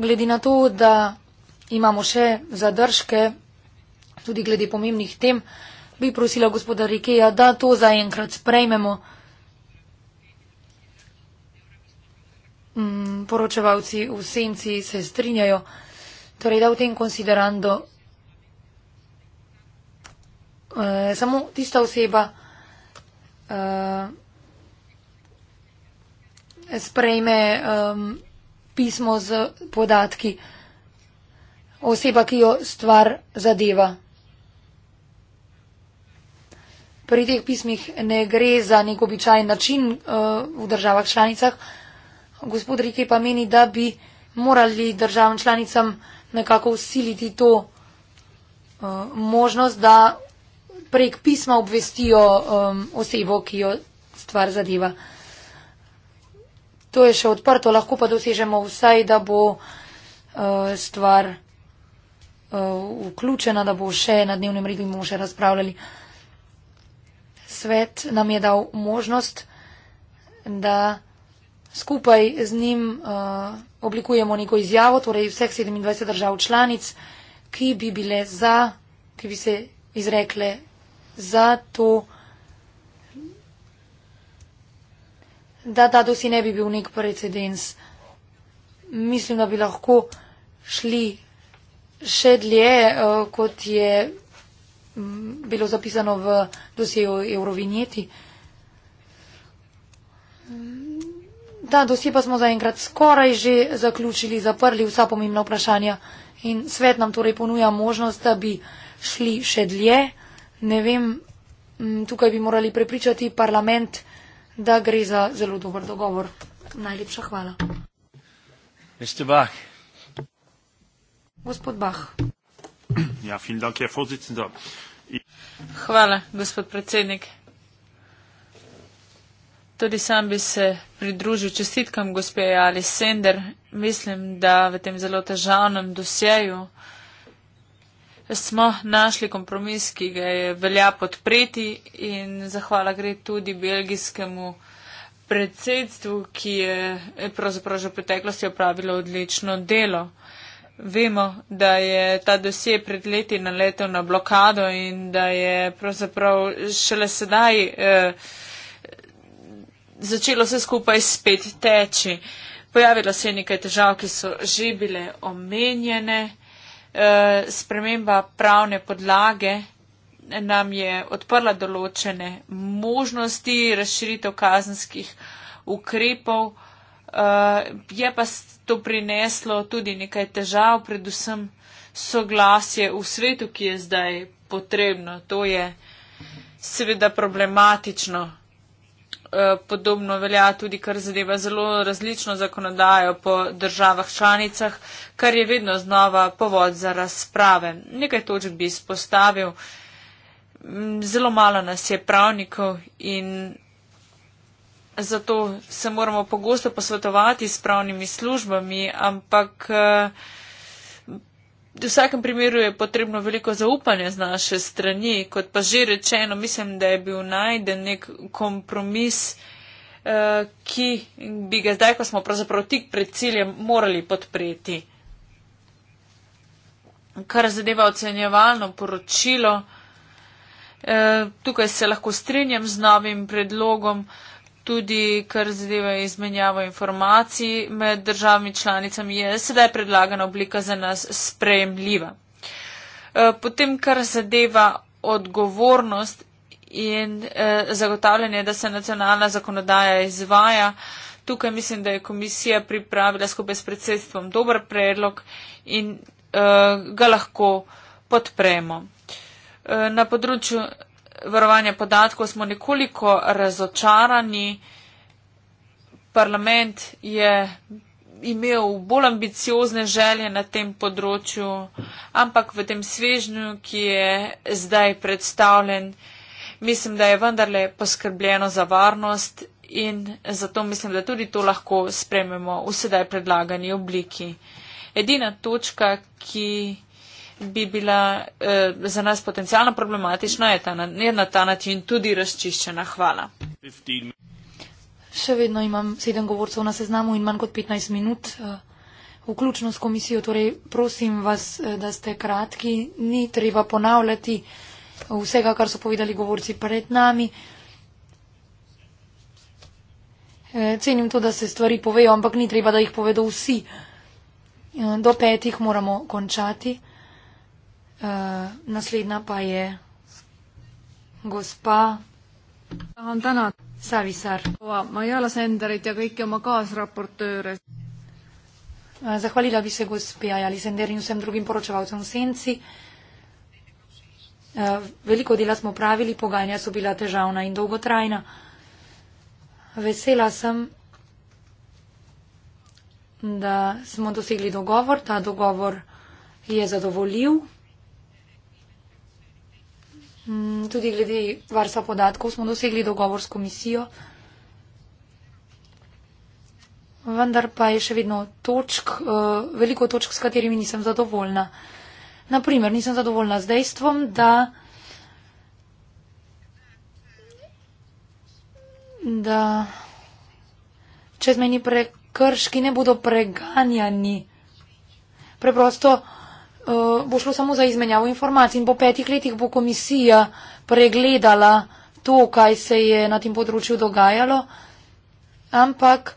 glede na to, da imamo še zadržke, tudi glede pomembnih tem, bi prosila gospoda Rikeja, da to zaenkrat sprejmemo. Mm, poročevalci v senci se strinjajo, torej da v tem konsiderando eh, samo tista oseba, eh, sprejme um, pismo z podatki oseba, ki jo stvar zadeva. Pri teh pismih ne gre za nek običajen način uh, v državah članicah. Gospod Rike pa meni, da bi morali državam članicam nekako usiliti to uh, možnost, da prek pisma obvestijo um, osebo, ki jo stvar zadeva to je še odprto, lahko pa dosežemo vsaj, da bo uh, stvar uh, vključena, da bo še na dnevnem redu in bomo še razpravljali. Svet nam je dal možnost, da skupaj z njim uh, oblikujemo neko izjavo, torej vseh 27 držav članic, ki bi bile za, ki bi se izrekle za to, da ta dosi ne bi bil nek precedens. Mislim, da bi lahko šli še dlje, eh, kot je mm, bilo zapisano v dosijo Eurovinjeti. Ta dosi pa smo zaenkrat skoraj že zaključili, zaprli vsa pomembna vprašanja in svet nam torej ponuja možnost, da bi šli še dlje. Ne vem, mm, tukaj bi morali prepričati parlament da gre za zelo dober dogovor. Najlepša hvala. Mr. Bach. Gospod Bach. Ja, dank, ja, I... Hvala, gospod predsednik. Tudi sam bi se pridružil čestitkam gospe Ali Sender. Mislim, da v tem zelo težavnem dosjeju smo našli kompromis, ki ga je velja podpreti in zahvala gre tudi belgijskemu predsedstvu, ki je pravzaprav že v preteklosti opravilo odlično delo. Vemo, da je ta dosje pred leti naletel na blokado in da je pravzaprav šele sedaj eh, začelo vse skupaj spet teči. Pojavilo se je nekaj težav, ki so že bile omenjene. Eh, sprememba pravne podlage nam je odprla določene možnosti razširitev kazenskih ukrepov. Eh, je pa to prineslo tudi nekaj težav, predvsem soglasje v svetu, ki je zdaj potrebno. To je seveda problematično. Eh, podobno velja tudi, kar zadeva zelo različno zakonodajo po državah članicah, kar je vedno znova povod za razprave. Nekaj točk bi izpostavil. Mm, zelo malo nas je pravnikov in zato se moramo pogosto posvetovati s pravnimi službami, ampak uh, V vsakem primeru je potrebno veliko zaupanja z naše strani, kot pa že rečeno, mislim, da je bil najden nek kompromis, eh, ki bi ga zdaj, ko smo pravzaprav tik pred ciljem, morali podpreti. Kar zadeva ocenjevalno poročilo, eh, tukaj se lahko strinjam z novim predlogom, tudi kar zadeva izmenjavo informacij med državami članicami, je sedaj predlagana oblika za nas sprejemljiva. E, potem, kar zadeva odgovornost in e, zagotavljanje, da se nacionalna zakonodaja izvaja, tukaj mislim, da je komisija pripravila skupaj s predsedstvom dober predlog in e, ga lahko podpremo. Na področju varovanja podatkov smo nekoliko razočarani. Parlament je imel bolj ambiciozne želje na tem področju, ampak v tem svežnju, ki je zdaj predstavljen, mislim, da je vendarle poskrbljeno za varnost in zato mislim, da tudi to lahko sprememo v sedaj predlagani obliki. Edina točka, ki bi bila eh, za nas potencijalno problematična, je, ta, je na ta način tudi razčiščena. Hvala. Še vedno imam sedem govorcev na seznamu in manj kot 15 minut. Eh, vključno s komisijo, torej prosim vas, eh, da ste kratki, ni treba ponavljati vsega, kar so povedali govorci pred nami. E, cenim to, da se stvari povejo, ampak ni treba, da jih povedo vsi. E, do petih moramo končati. Uh, naslednja pa je gospa. tahan tänada, Savisaar. ma ei ole Senderit ja kõiki oma kaasraportööre eh,. Zahvalila bi se gospija ali Senderi vsem drugim poročevalcem v senci. Eh, veliko dela smo pravili, pogajanja so bila težavna in dolgotrajna. Vesela sem, da smo dosegli dogovor. Ta dogovor je zadovoljiv. Mm, tudi glede varstva podatkov smo dosegli dogovor s komisijo. Vendar pa je še vedno točk, eh, veliko točk, s katerimi nisem zadovoljna. Naprimer, nisem zadovoljna z dejstvom, da, da čezmejni prekrški ne bodo preganjani. Preprosto Eh, bo šlo samo za izmenjavo informacij in po petih letih bo komisija pregledala to, kaj se je na tem področju dogajalo, ampak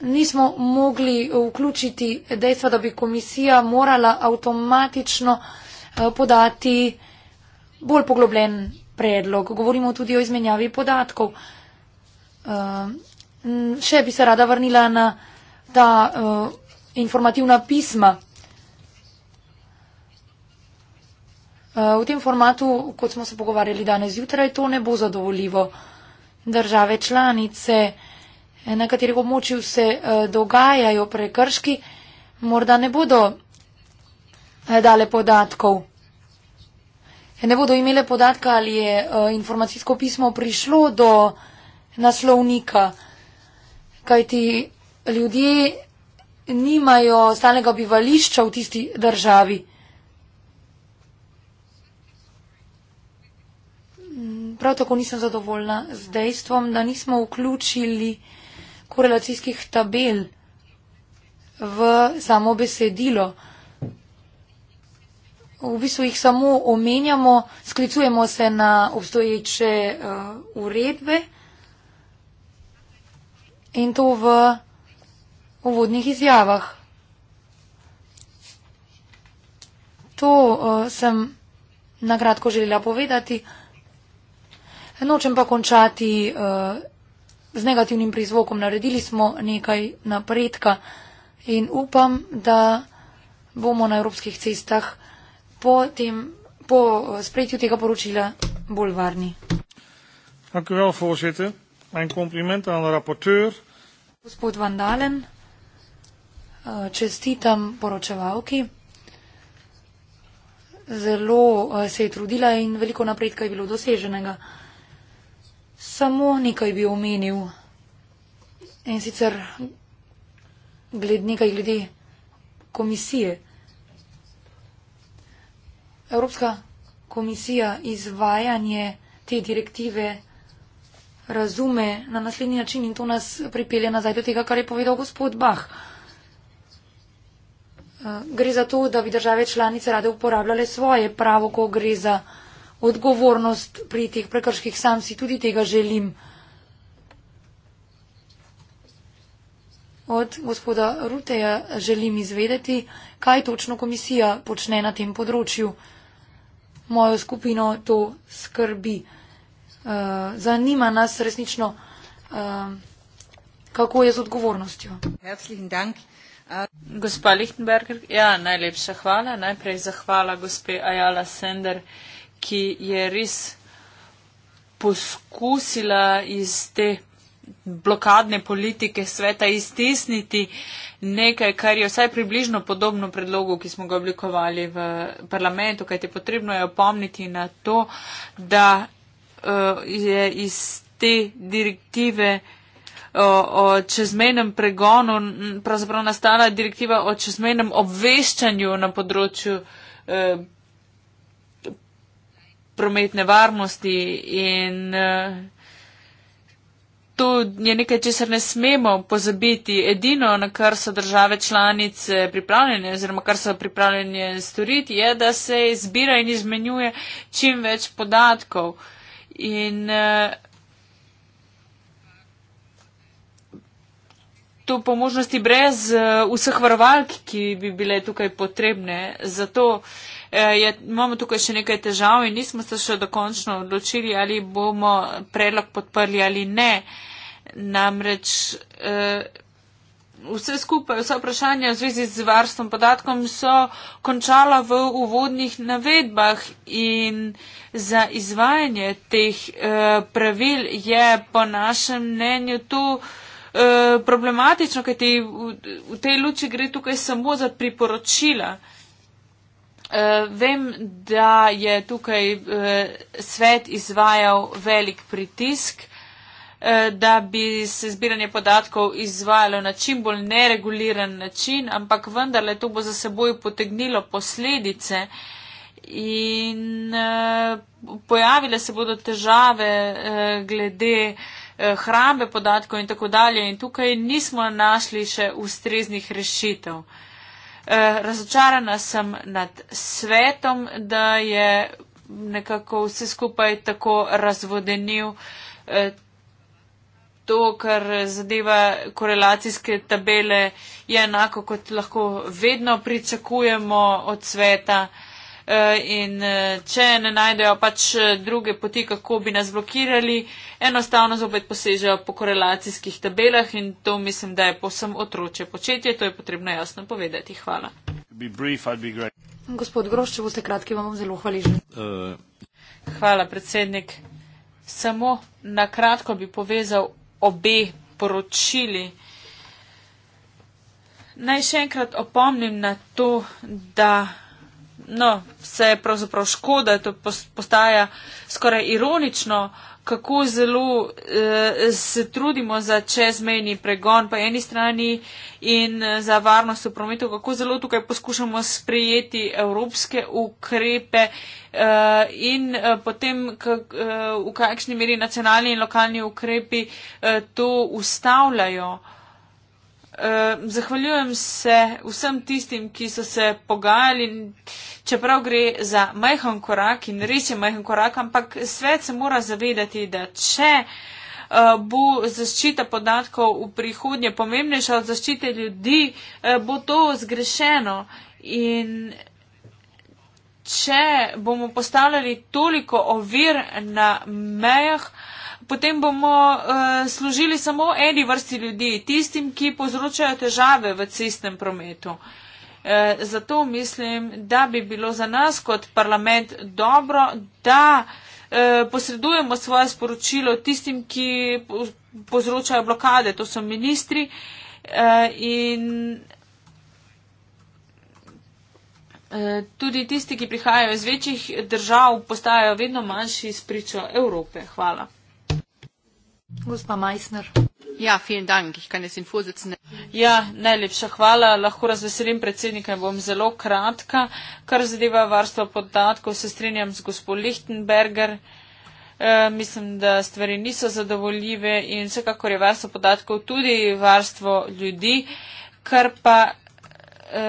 nismo mogli vključiti dejstva, da bi komisija morala avtomatično eh, podati bolj poglobljen predlog. Govorimo tudi o izmenjavi podatkov. Eh, še bi se rada vrnila na ta informativna pisma V tem formatu, kot smo se pogovarjali danes zjutraj, to ne bo zadovoljivo. Države članice, na katerih območju se eh, dogajajo prekrški, morda ne bodo eh, dale podatkov. Ne bodo imele podatka, ali je eh, informacijsko pismo prišlo do naslovnika, kajti ljudje nimajo stalnega bivališča v tisti državi. prav tako nisem zadovoljna z dejstvom, da nismo vključili korelacijskih tabel v samo besedilo. V bistvu jih samo omenjamo, sklicujemo se na obstoječe uh, uredbe in to v uvodnih izjavah. To uh, sem nakratko želela povedati. Nočem pa končati uh, z negativnim prizvokom. Naredili smo nekaj napredka in upam, da bomo na evropskih cestah po, tem, po eh, spretju tega poročila bolj varni. Vel, kompliment Gospod Vandalen, uh, eh, čestitam poročevalki. Zelo uh, se je trudila in veliko napredka je bilo doseženega. Samo nekaj bi omenil. In sicer gled nekaj glede komisije. Evropska komisija izvajanje te direktive razume na naslednji način in to nas pripelje nazaj do tega, kar je povedal gospod Bach. Eh, gre za to, da bi države članice rade uporabljale svoje pravo, ko gre za odgovornost pri teh prekrških, sam si tudi tega želim. Od gospoda Ruteja želim izvedeti, kaj točno komisija počne na tem področju. Mojo skupino to skrbi. Eh, zanima nas resnično, eh, kako je z odgovornostjo. Gospa Lichtenberger, ja, najlepša hvala. Najprej zahvala gospe Ajala Sender ki je res poskusila iz te blokadne politike sveta iztisniti nekaj, kar je vsaj približno podobno predlogu, ki smo ga oblikovali v parlamentu, kajte potrebno je opomniti na to, da uh, je iz te direktive o, o čezmenem pregonu pravzaprav nastala direktiva o čezmenem obveščanju na področju uh, prometne varnosti in eh, to je nekaj, česar ne smemo pozabiti. Edino, na kar so države članice pripravljene oziroma kar so pripravljene storiti, je, da se zbira in izmenjuje čim več podatkov. In eh, to po možnosti brez eh, vseh varovalk, ki bi bile tukaj potrebne. Zato Eh, je, imamo tukaj še nekaj težav in nismo se še dokončno odločili, ali bomo predlog podprli ali ne. Namreč eh, vse skupaj, vse vprašanja v zvezi z varstvom podatkom so končala v uvodnih navedbah in za izvajanje teh eh, pravil je po našem mnenju to problematično, kajti v tej luči gre tukaj samo za priporočila. Eh, vem, da je tukaj eh, svet izvajal velik pritisk, eh, da bi se zbiranje podatkov izvajalo na čim bolj nereguliran način, ampak vendarle to bo za seboj potegnilo posledice in pojavile se bodo težave glede hrambe podatkov in tako dalje in tukaj nismo našli še ustreznih rešitev. Eh, razočarana sem nad svetom, da je nekako vse skupaj tako razvodenil eh, to, kar zadeva korelacijske tabele, je enako, kot lahko vedno pričakujemo od sveta. E, in e, če ne najdejo pač e, druge poti, kako bi nas blokirali, enostavno zopet posežejo po korelacijskih tabelah in to mislim, da je posem otroče početje, to je potrebno jasno povedati. Hvala. Brief, Gospod Groš, če boste kratki, vam bom zelo hvaležen. Uh. Hvala, predsednik. Samo na kratko bi povezal obe poročili. Naj še enkrat opomnim na to, da no, vse je pravzaprav škoda, to postaja skoraj ironično, kako zelo eh, se trudimo za čezmejni pregon po eni strani in eh, za varnost v prometu, kako zelo tukaj poskušamo sprejeti evropske ukrepe eh, in eh, potem kak, eh, v kakšni meri nacionalni in lokalni ukrepi eh, to ustavljajo. Eh, zahvaljujem se vsem tistim, ki so se pogajali, čeprav gre za majhen korak in res je majhen korak, ampak svet se mora zavedati, da če eh, bo zaščita podatkov v prihodnje pomembnejša od zaščite ljudi, eh, bo to zgrešeno. In če bomo postavljali toliko ovir na mejah, potem bomo uh, služili samo eni vrsti ljudi, tistim, ki povzročajo težave v cestnem prometu. E, zato mislim, da bi bilo za nas kot parlament dobro, da e, posredujemo svoje sporočilo tistim, ki povzročajo blokade, to so ministri. E, in e, tudi tisti, ki prihajajo iz večjih držav, postajajo vedno manjši spričo Evrope. Hvala. Gospa Meissner. Ja, vielen Dank. Ich kann jetzt den Vorsitzenden. Ja, najlepša hvala. Lahko razveselim predsednika in bom zelo kratka. Kar zadeva varstvo podatkov, se strinjam z gospod Lichtenberger. E, mislim, da stvari niso zadovoljive in vsekakor je varstvo podatkov tudi varstvo ljudi, kar pa. E,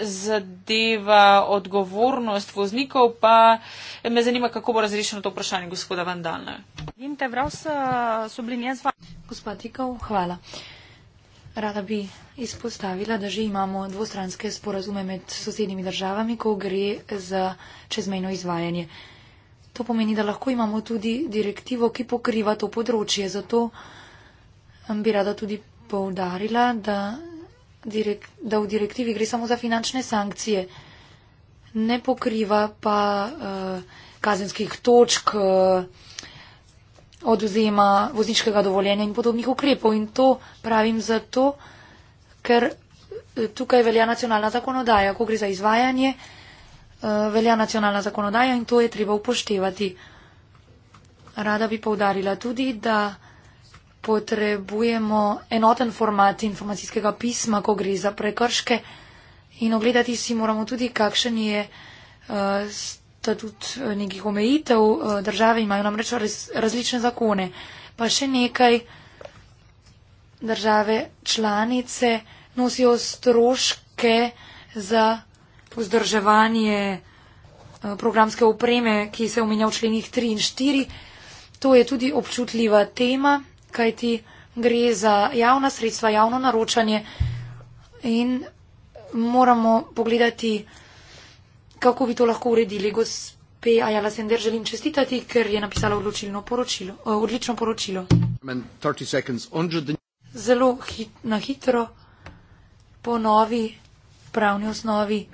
zadeva odgovornost voznikov, pa me zanima, kako bo razrešeno to vprašanje gospoda Vandalna. Gospod Tikov, hvala. Rada bi izpostavila, da že imamo dvostranske sporazume med sosednjimi državami, ko gre za čezmejno izvajanje. To pomeni, da lahko imamo tudi direktivo, ki pokriva to področje. Zato um, bi rada tudi poudarila, da direk, da v direktivi gre samo za finančne sankcije, ne pokriva pa uh, kazenskih točk, uh, eh, oduzema vozniškega dovoljenja in podobnih ukrepov. In to pravim zato, ker eh, tukaj velja nacionalna zakonodaja. Ko gre za izvajanje, uh, velja nacionalna zakonodaja in to je treba upoštevati. Rada bi poudarila tudi, da potrebujemo enoten format informacijskega pisma, ko gre za prekrške in ogledati si moramo tudi, kakšen je uh, statut eh, nekih omejitev. Uh, države imajo namreč raz, različne zakone. Pa še nekaj, države članice nosijo stroške za vzdrževanje programske opreme, ki se omenja v členih 3 in 4. To je tudi občutljiva tema kajti gre za javna sredstva, javno naročanje in moramo pogledati, kako bi to lahko uredili. Gospe Ajala Sender želim čestitati, ker je napisala odločilno poročilo, eh, odlično poročilo. Zelo hit, na hitro, po novi pravni osnovi.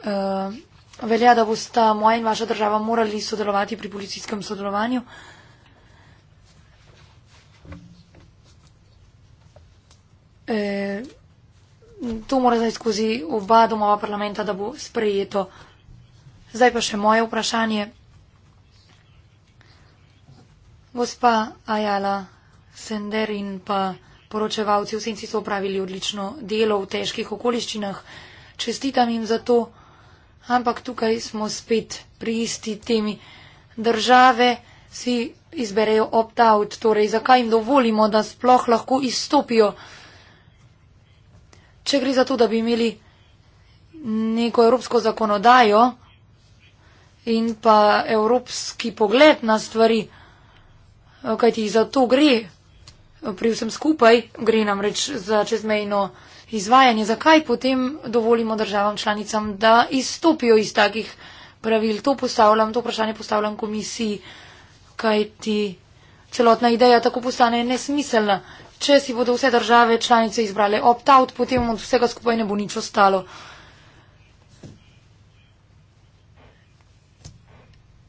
Uh, velja, da boste moja in vaša država morali sodelovati pri policijskem sodelovanju. Uh, eh, to mora zdaj skozi oba domova parlamenta, da bo sprejeto. Zdaj pa še moje vprašanje. Gospa Ajala, Sender in pa poročevalci v Senci so opravili odlično delo v težkih okoliščinah. Čestitam jim za to, ampak tukaj smo spet pri isti temi. Države si izberejo opt-out, torej zakaj jim dovolimo, da sploh lahko izstopijo če gre za to, da bi imeli neko evropsko zakonodajo in pa evropski pogled na stvari, eh, kaj ti za to gre, pri vsem skupaj gre namreč za čezmejno izvajanje, zakaj potem dovolimo državam članicam, da izstopijo iz takih pravil. To postavljam, to vprašanje postavljam komisiji, kaj ti celotna ideja tako postane nesmiselna, če si bodo vse države članice izbrale opt-out, potem od vsega skupaj ne bo nič ostalo.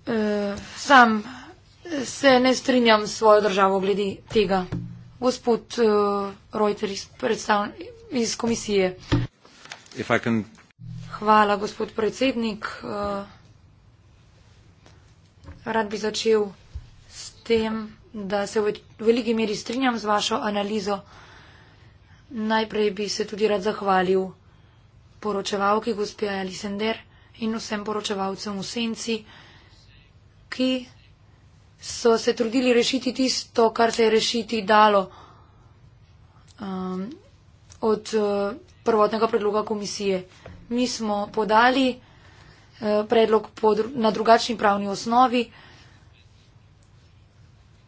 Uh, sam se ne strinjam s svojo državo glede tega. Gospod uh, e, Reuter iz, predstavn- iz komisije. Can... Hvala, gospod predsednik. Uh, rad bi začel s tem da se v veliki meri strinjam z vašo analizo. Najprej bi se tudi rad zahvalil poročevalki gospe Alisender in vsem poročevalcem v senci, ki so se trudili rešiti tisto, kar se je rešiti dalo um, od uh, prvotnega predloga komisije. Mi smo podali uh, predlog pod, na drugačni pravni osnovi, uh,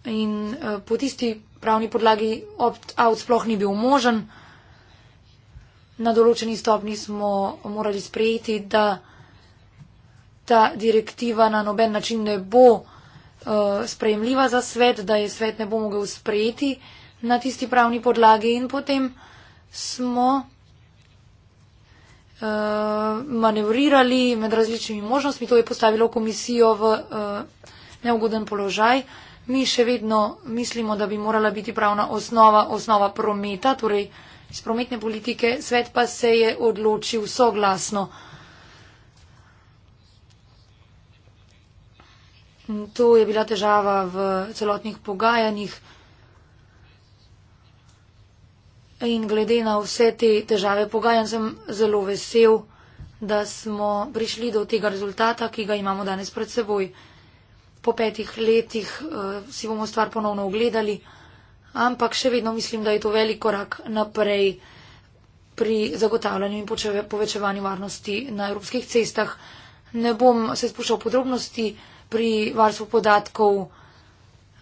In uh, po tisti pravni podlagi opt-out sploh ni bil možen. Na določeni stopni smo morali sprejeti, da ta direktiva na noben način ne bo uh, sprejemljiva za svet, da je svet ne bo mogel sprejeti na tisti pravni podlagi in potem smo uh, manevrirali med različnimi možnostmi. To je postavilo komisijo v uh, neugoden položaj. Uh, mi še vedno mislimo, da bi morala biti pravna osnova, osnova prometa, torej iz prometne politike, svet pa se je odločil soglasno. To je bila težava v celotnih pogajanjih in glede na vse te težave pogajanj sem zelo vesel, da smo prišli do tega rezultata, ki ga imamo danes pred seboj po petih letih uh, si bomo stvar ponovno ogledali, ampak še vedno mislim, da je to velik korak naprej pri zagotavljanju in povečevanju varnosti na evropskih cestah. Ne bom se spuščal podrobnosti pri varstvu podatkov.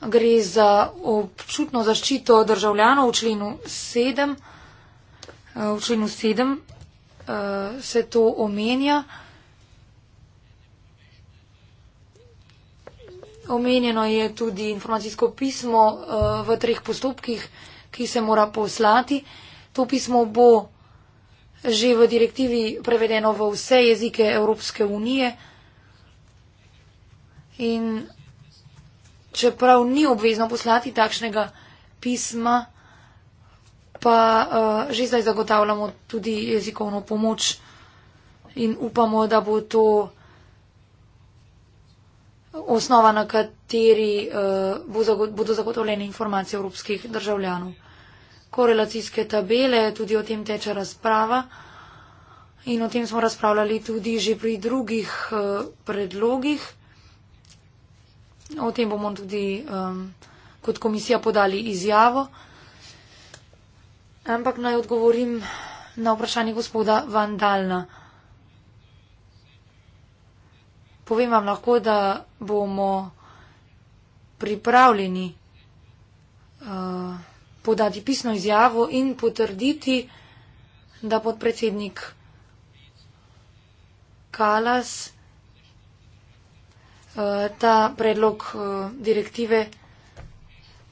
Gre za občutno zaščito državljanov v členu 7. Eh, v členu 7 uh, eh, se to omenja. Omenjeno je tudi informacijsko pismo eh, v treh postopkih, ki se mora poslati. To pismo bo že v direktivi prevedeno v vse jezike Evropske unije. In čeprav ni obvezno poslati takšnega pisma, pa eh, že zdaj zagotavljamo tudi jezikovno pomoč in upamo, da bo to osnova, na kateri uh, bo zago, bodo zagotovljene informacije evropskih državljanov. Korelacijske tabele, tudi o tem teče razprava in o tem smo razpravljali tudi že pri drugih uh, predlogih. O tem bomo tudi um, kot komisija podali izjavo. Ampak naj odgovorim na vprašanje gospoda Vandalna. povem vam lahko, da bomo pripravljeni uh, podati pisno izjavo in potrditi, da podpredsednik Kalas uh, ta predlog uh, direktive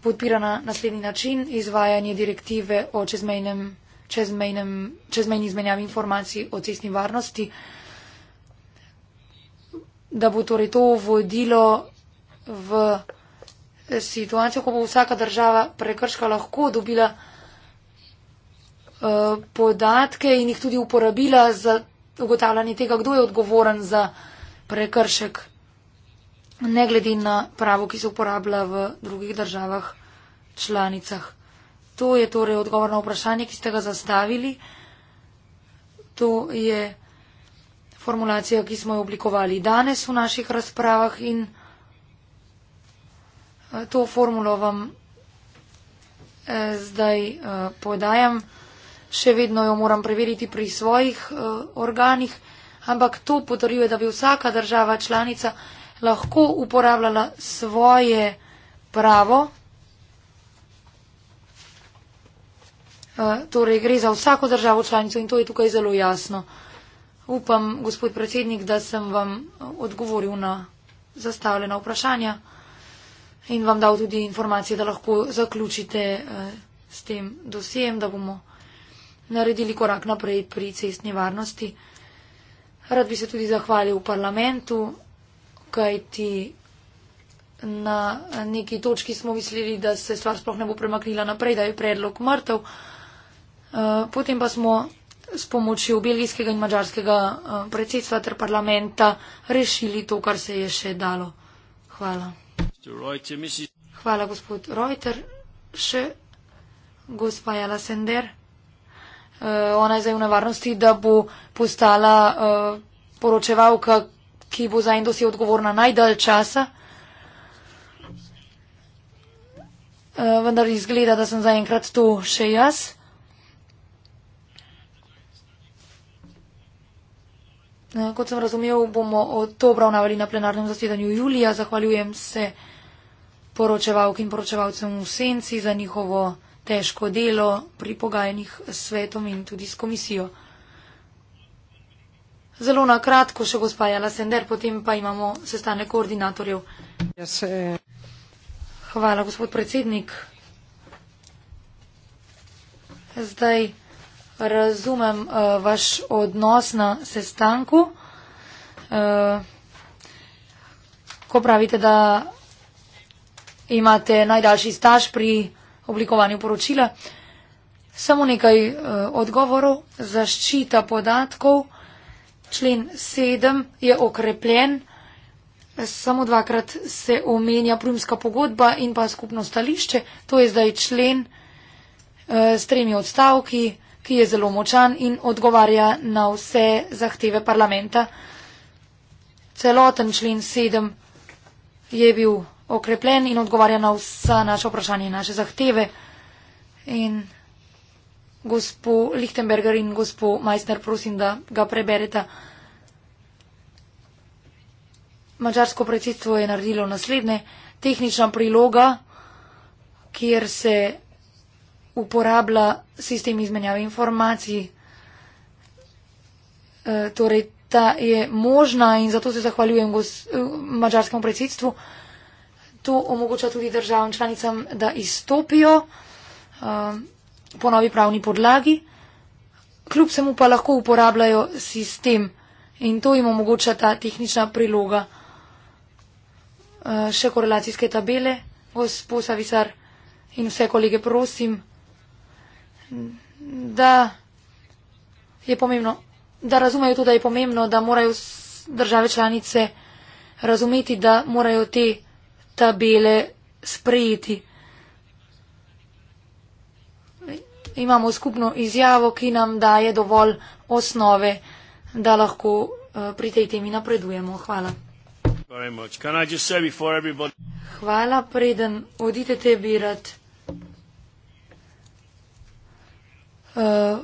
podpira na naslednji način izvajanje direktive o čezmejnem, čezmejnem, čezmejni izmenjavi informacij o cestni varnosti. Uh, da bo torej to vodilo v situacijo, ko bo vsaka država prekrška lahko dobila eh, podatke in jih tudi uporabila za ugotavljanje tega, kdo je odgovoren za prekršek, ne glede na pravo, ki se uporablja v drugih državah članicah. To je torej odgovor na vprašanje, ki ste ga zastavili. To je formulacija, ki smo jo oblikovali danes v naših razpravah in eh, to formulo vam eh, zdaj eh, podajam. Še vedno jo moram preveriti pri svojih organih, ampak to potrjuje, da bi vsaka država članica lahko uporabljala svoje pravo. Torej gre za vsako državo članico in to je tukaj zelo jasno. Upam, gospod predsednik, da sem vam odgovoril na zastavljena vprašanja in vam dal tudi informacije, da lahko zaključite eh, s tem dosjem, da bomo naredili korak naprej pri cestni varnosti. Rad bi se tudi zahvalil v parlamentu, kajti na neki točki smo mislili, da se stvar sploh ne bo premaknila naprej, da je predlog mrtev. Eh, potem pa smo s pomočjo belgijskega in mađarskega eh, predsedstva ter parlamenta rešili to, kar se je še dalo. Hvala. Hvala, gospod Reuter. Še gospa Jala Sender. Eh, ona je zdaj v nevarnosti, da bo postala eh, poročevalka, ki bo za Indosi odgovorna najdalj časa. Vendar izgleda, da sem zaenkrat tu še jaz. Eh, kot sem razumel, bomo to obravnavali na plenarnem zasedanju julija. Zahvaljujem se poročevalk in poročevalcem v senci za njihovo težko delo pri pogajanjih s svetom in tudi s komisijo. Zelo na kratko še gospa Jala Sender, potem pa imamo sestane koordinatorjev. Eh, Hvala, gospod predsednik. Zdaj razumem uh, vaš odnos na sestanku. Uh, ko pravite, da imate najdaljši staž pri oblikovanju poročila, samo nekaj uh, odgovorov. Zaščita podatkov, člen 7 je okrepljen, samo dvakrat se omenja primska pogodba in pa skupno stališče. To je zdaj člen uh, s tremi odstavki ki je zelo močan in odgovarja na vse zahteve parlamenta. Celoten člen 7 je bil okrepljen in odgovarja na vsa naša vprašanja in naše zahteve. In gospod Lichtenberger in gospod Meissner, prosim, da ga preberete. Mačarsko predsedstvo je naredilo naslednje. Tehnična priloga, kjer se uporablja sistem izmenjave informacij. E, torej, ta je možna in zato se zahvaljujem e, mačarskemu predsedstvu. To omogoča tudi državam članicam, da izstopijo e, po novi pravni podlagi. Kljub se mu pa lahko uporabljajo sistem in to jim omogoča ta tehnična priloga. Še korelacijske tabele, gospod Savisar in vse kolege, prosim da je pomembno, da razumejo tudi, da je pomembno, da morajo države članice razumeti, da morajo te tabele sprejeti. Imamo skupno izjavo, ki nam daje dovolj osnove, da lahko eh, pri tej temi napredujemo. Hvala. Hvala, preden odidete, bi rad. Eh,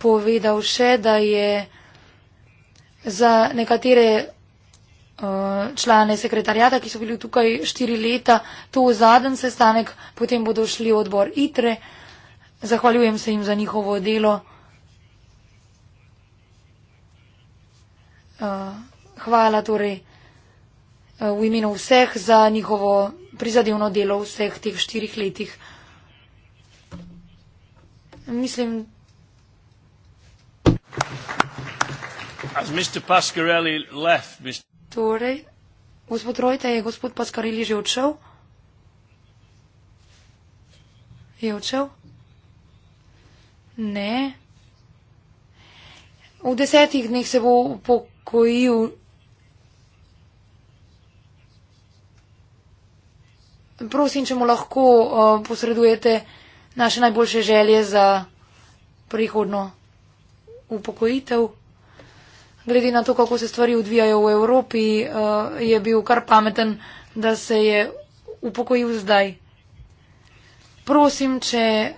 povedal še, da je za nekatere eh, člane sekretarjata, ki so bili tukaj štiri leta, to v zadnjem sestanek, potem bodo šli v odbor ITRE. Zahvaljujem se jim za njihovo delo. Eh, hvala torej v imenu vseh za njihovo prizadevno delo v vseh teh štirih letih. Mislim. As Mr. Pascarelli left, Mr. Torej, gospod Rojta je gospod Pascarelli že odšel? Je odšel? Ne. V desetih dneh se bo upokojil. Prosim, če mu lahko uh, posredujete naše najboljše želje za prihodno upokojitev. Glede na to, kako se stvari odvijajo v Evropi, eh, je bil kar pameten, da se je upokojil zdaj. Prosim, če eh,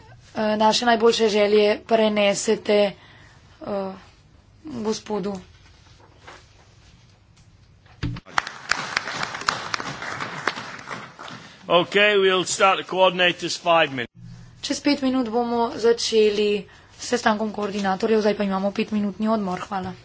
naše najboljše želje prenesete eh, gospodu. Okay, we'll start the coordinators five minutes. Čez pet minut bomo začeli s sestankom koordinatorjev, zdaj pa imamo petminutni odmor. Hvala.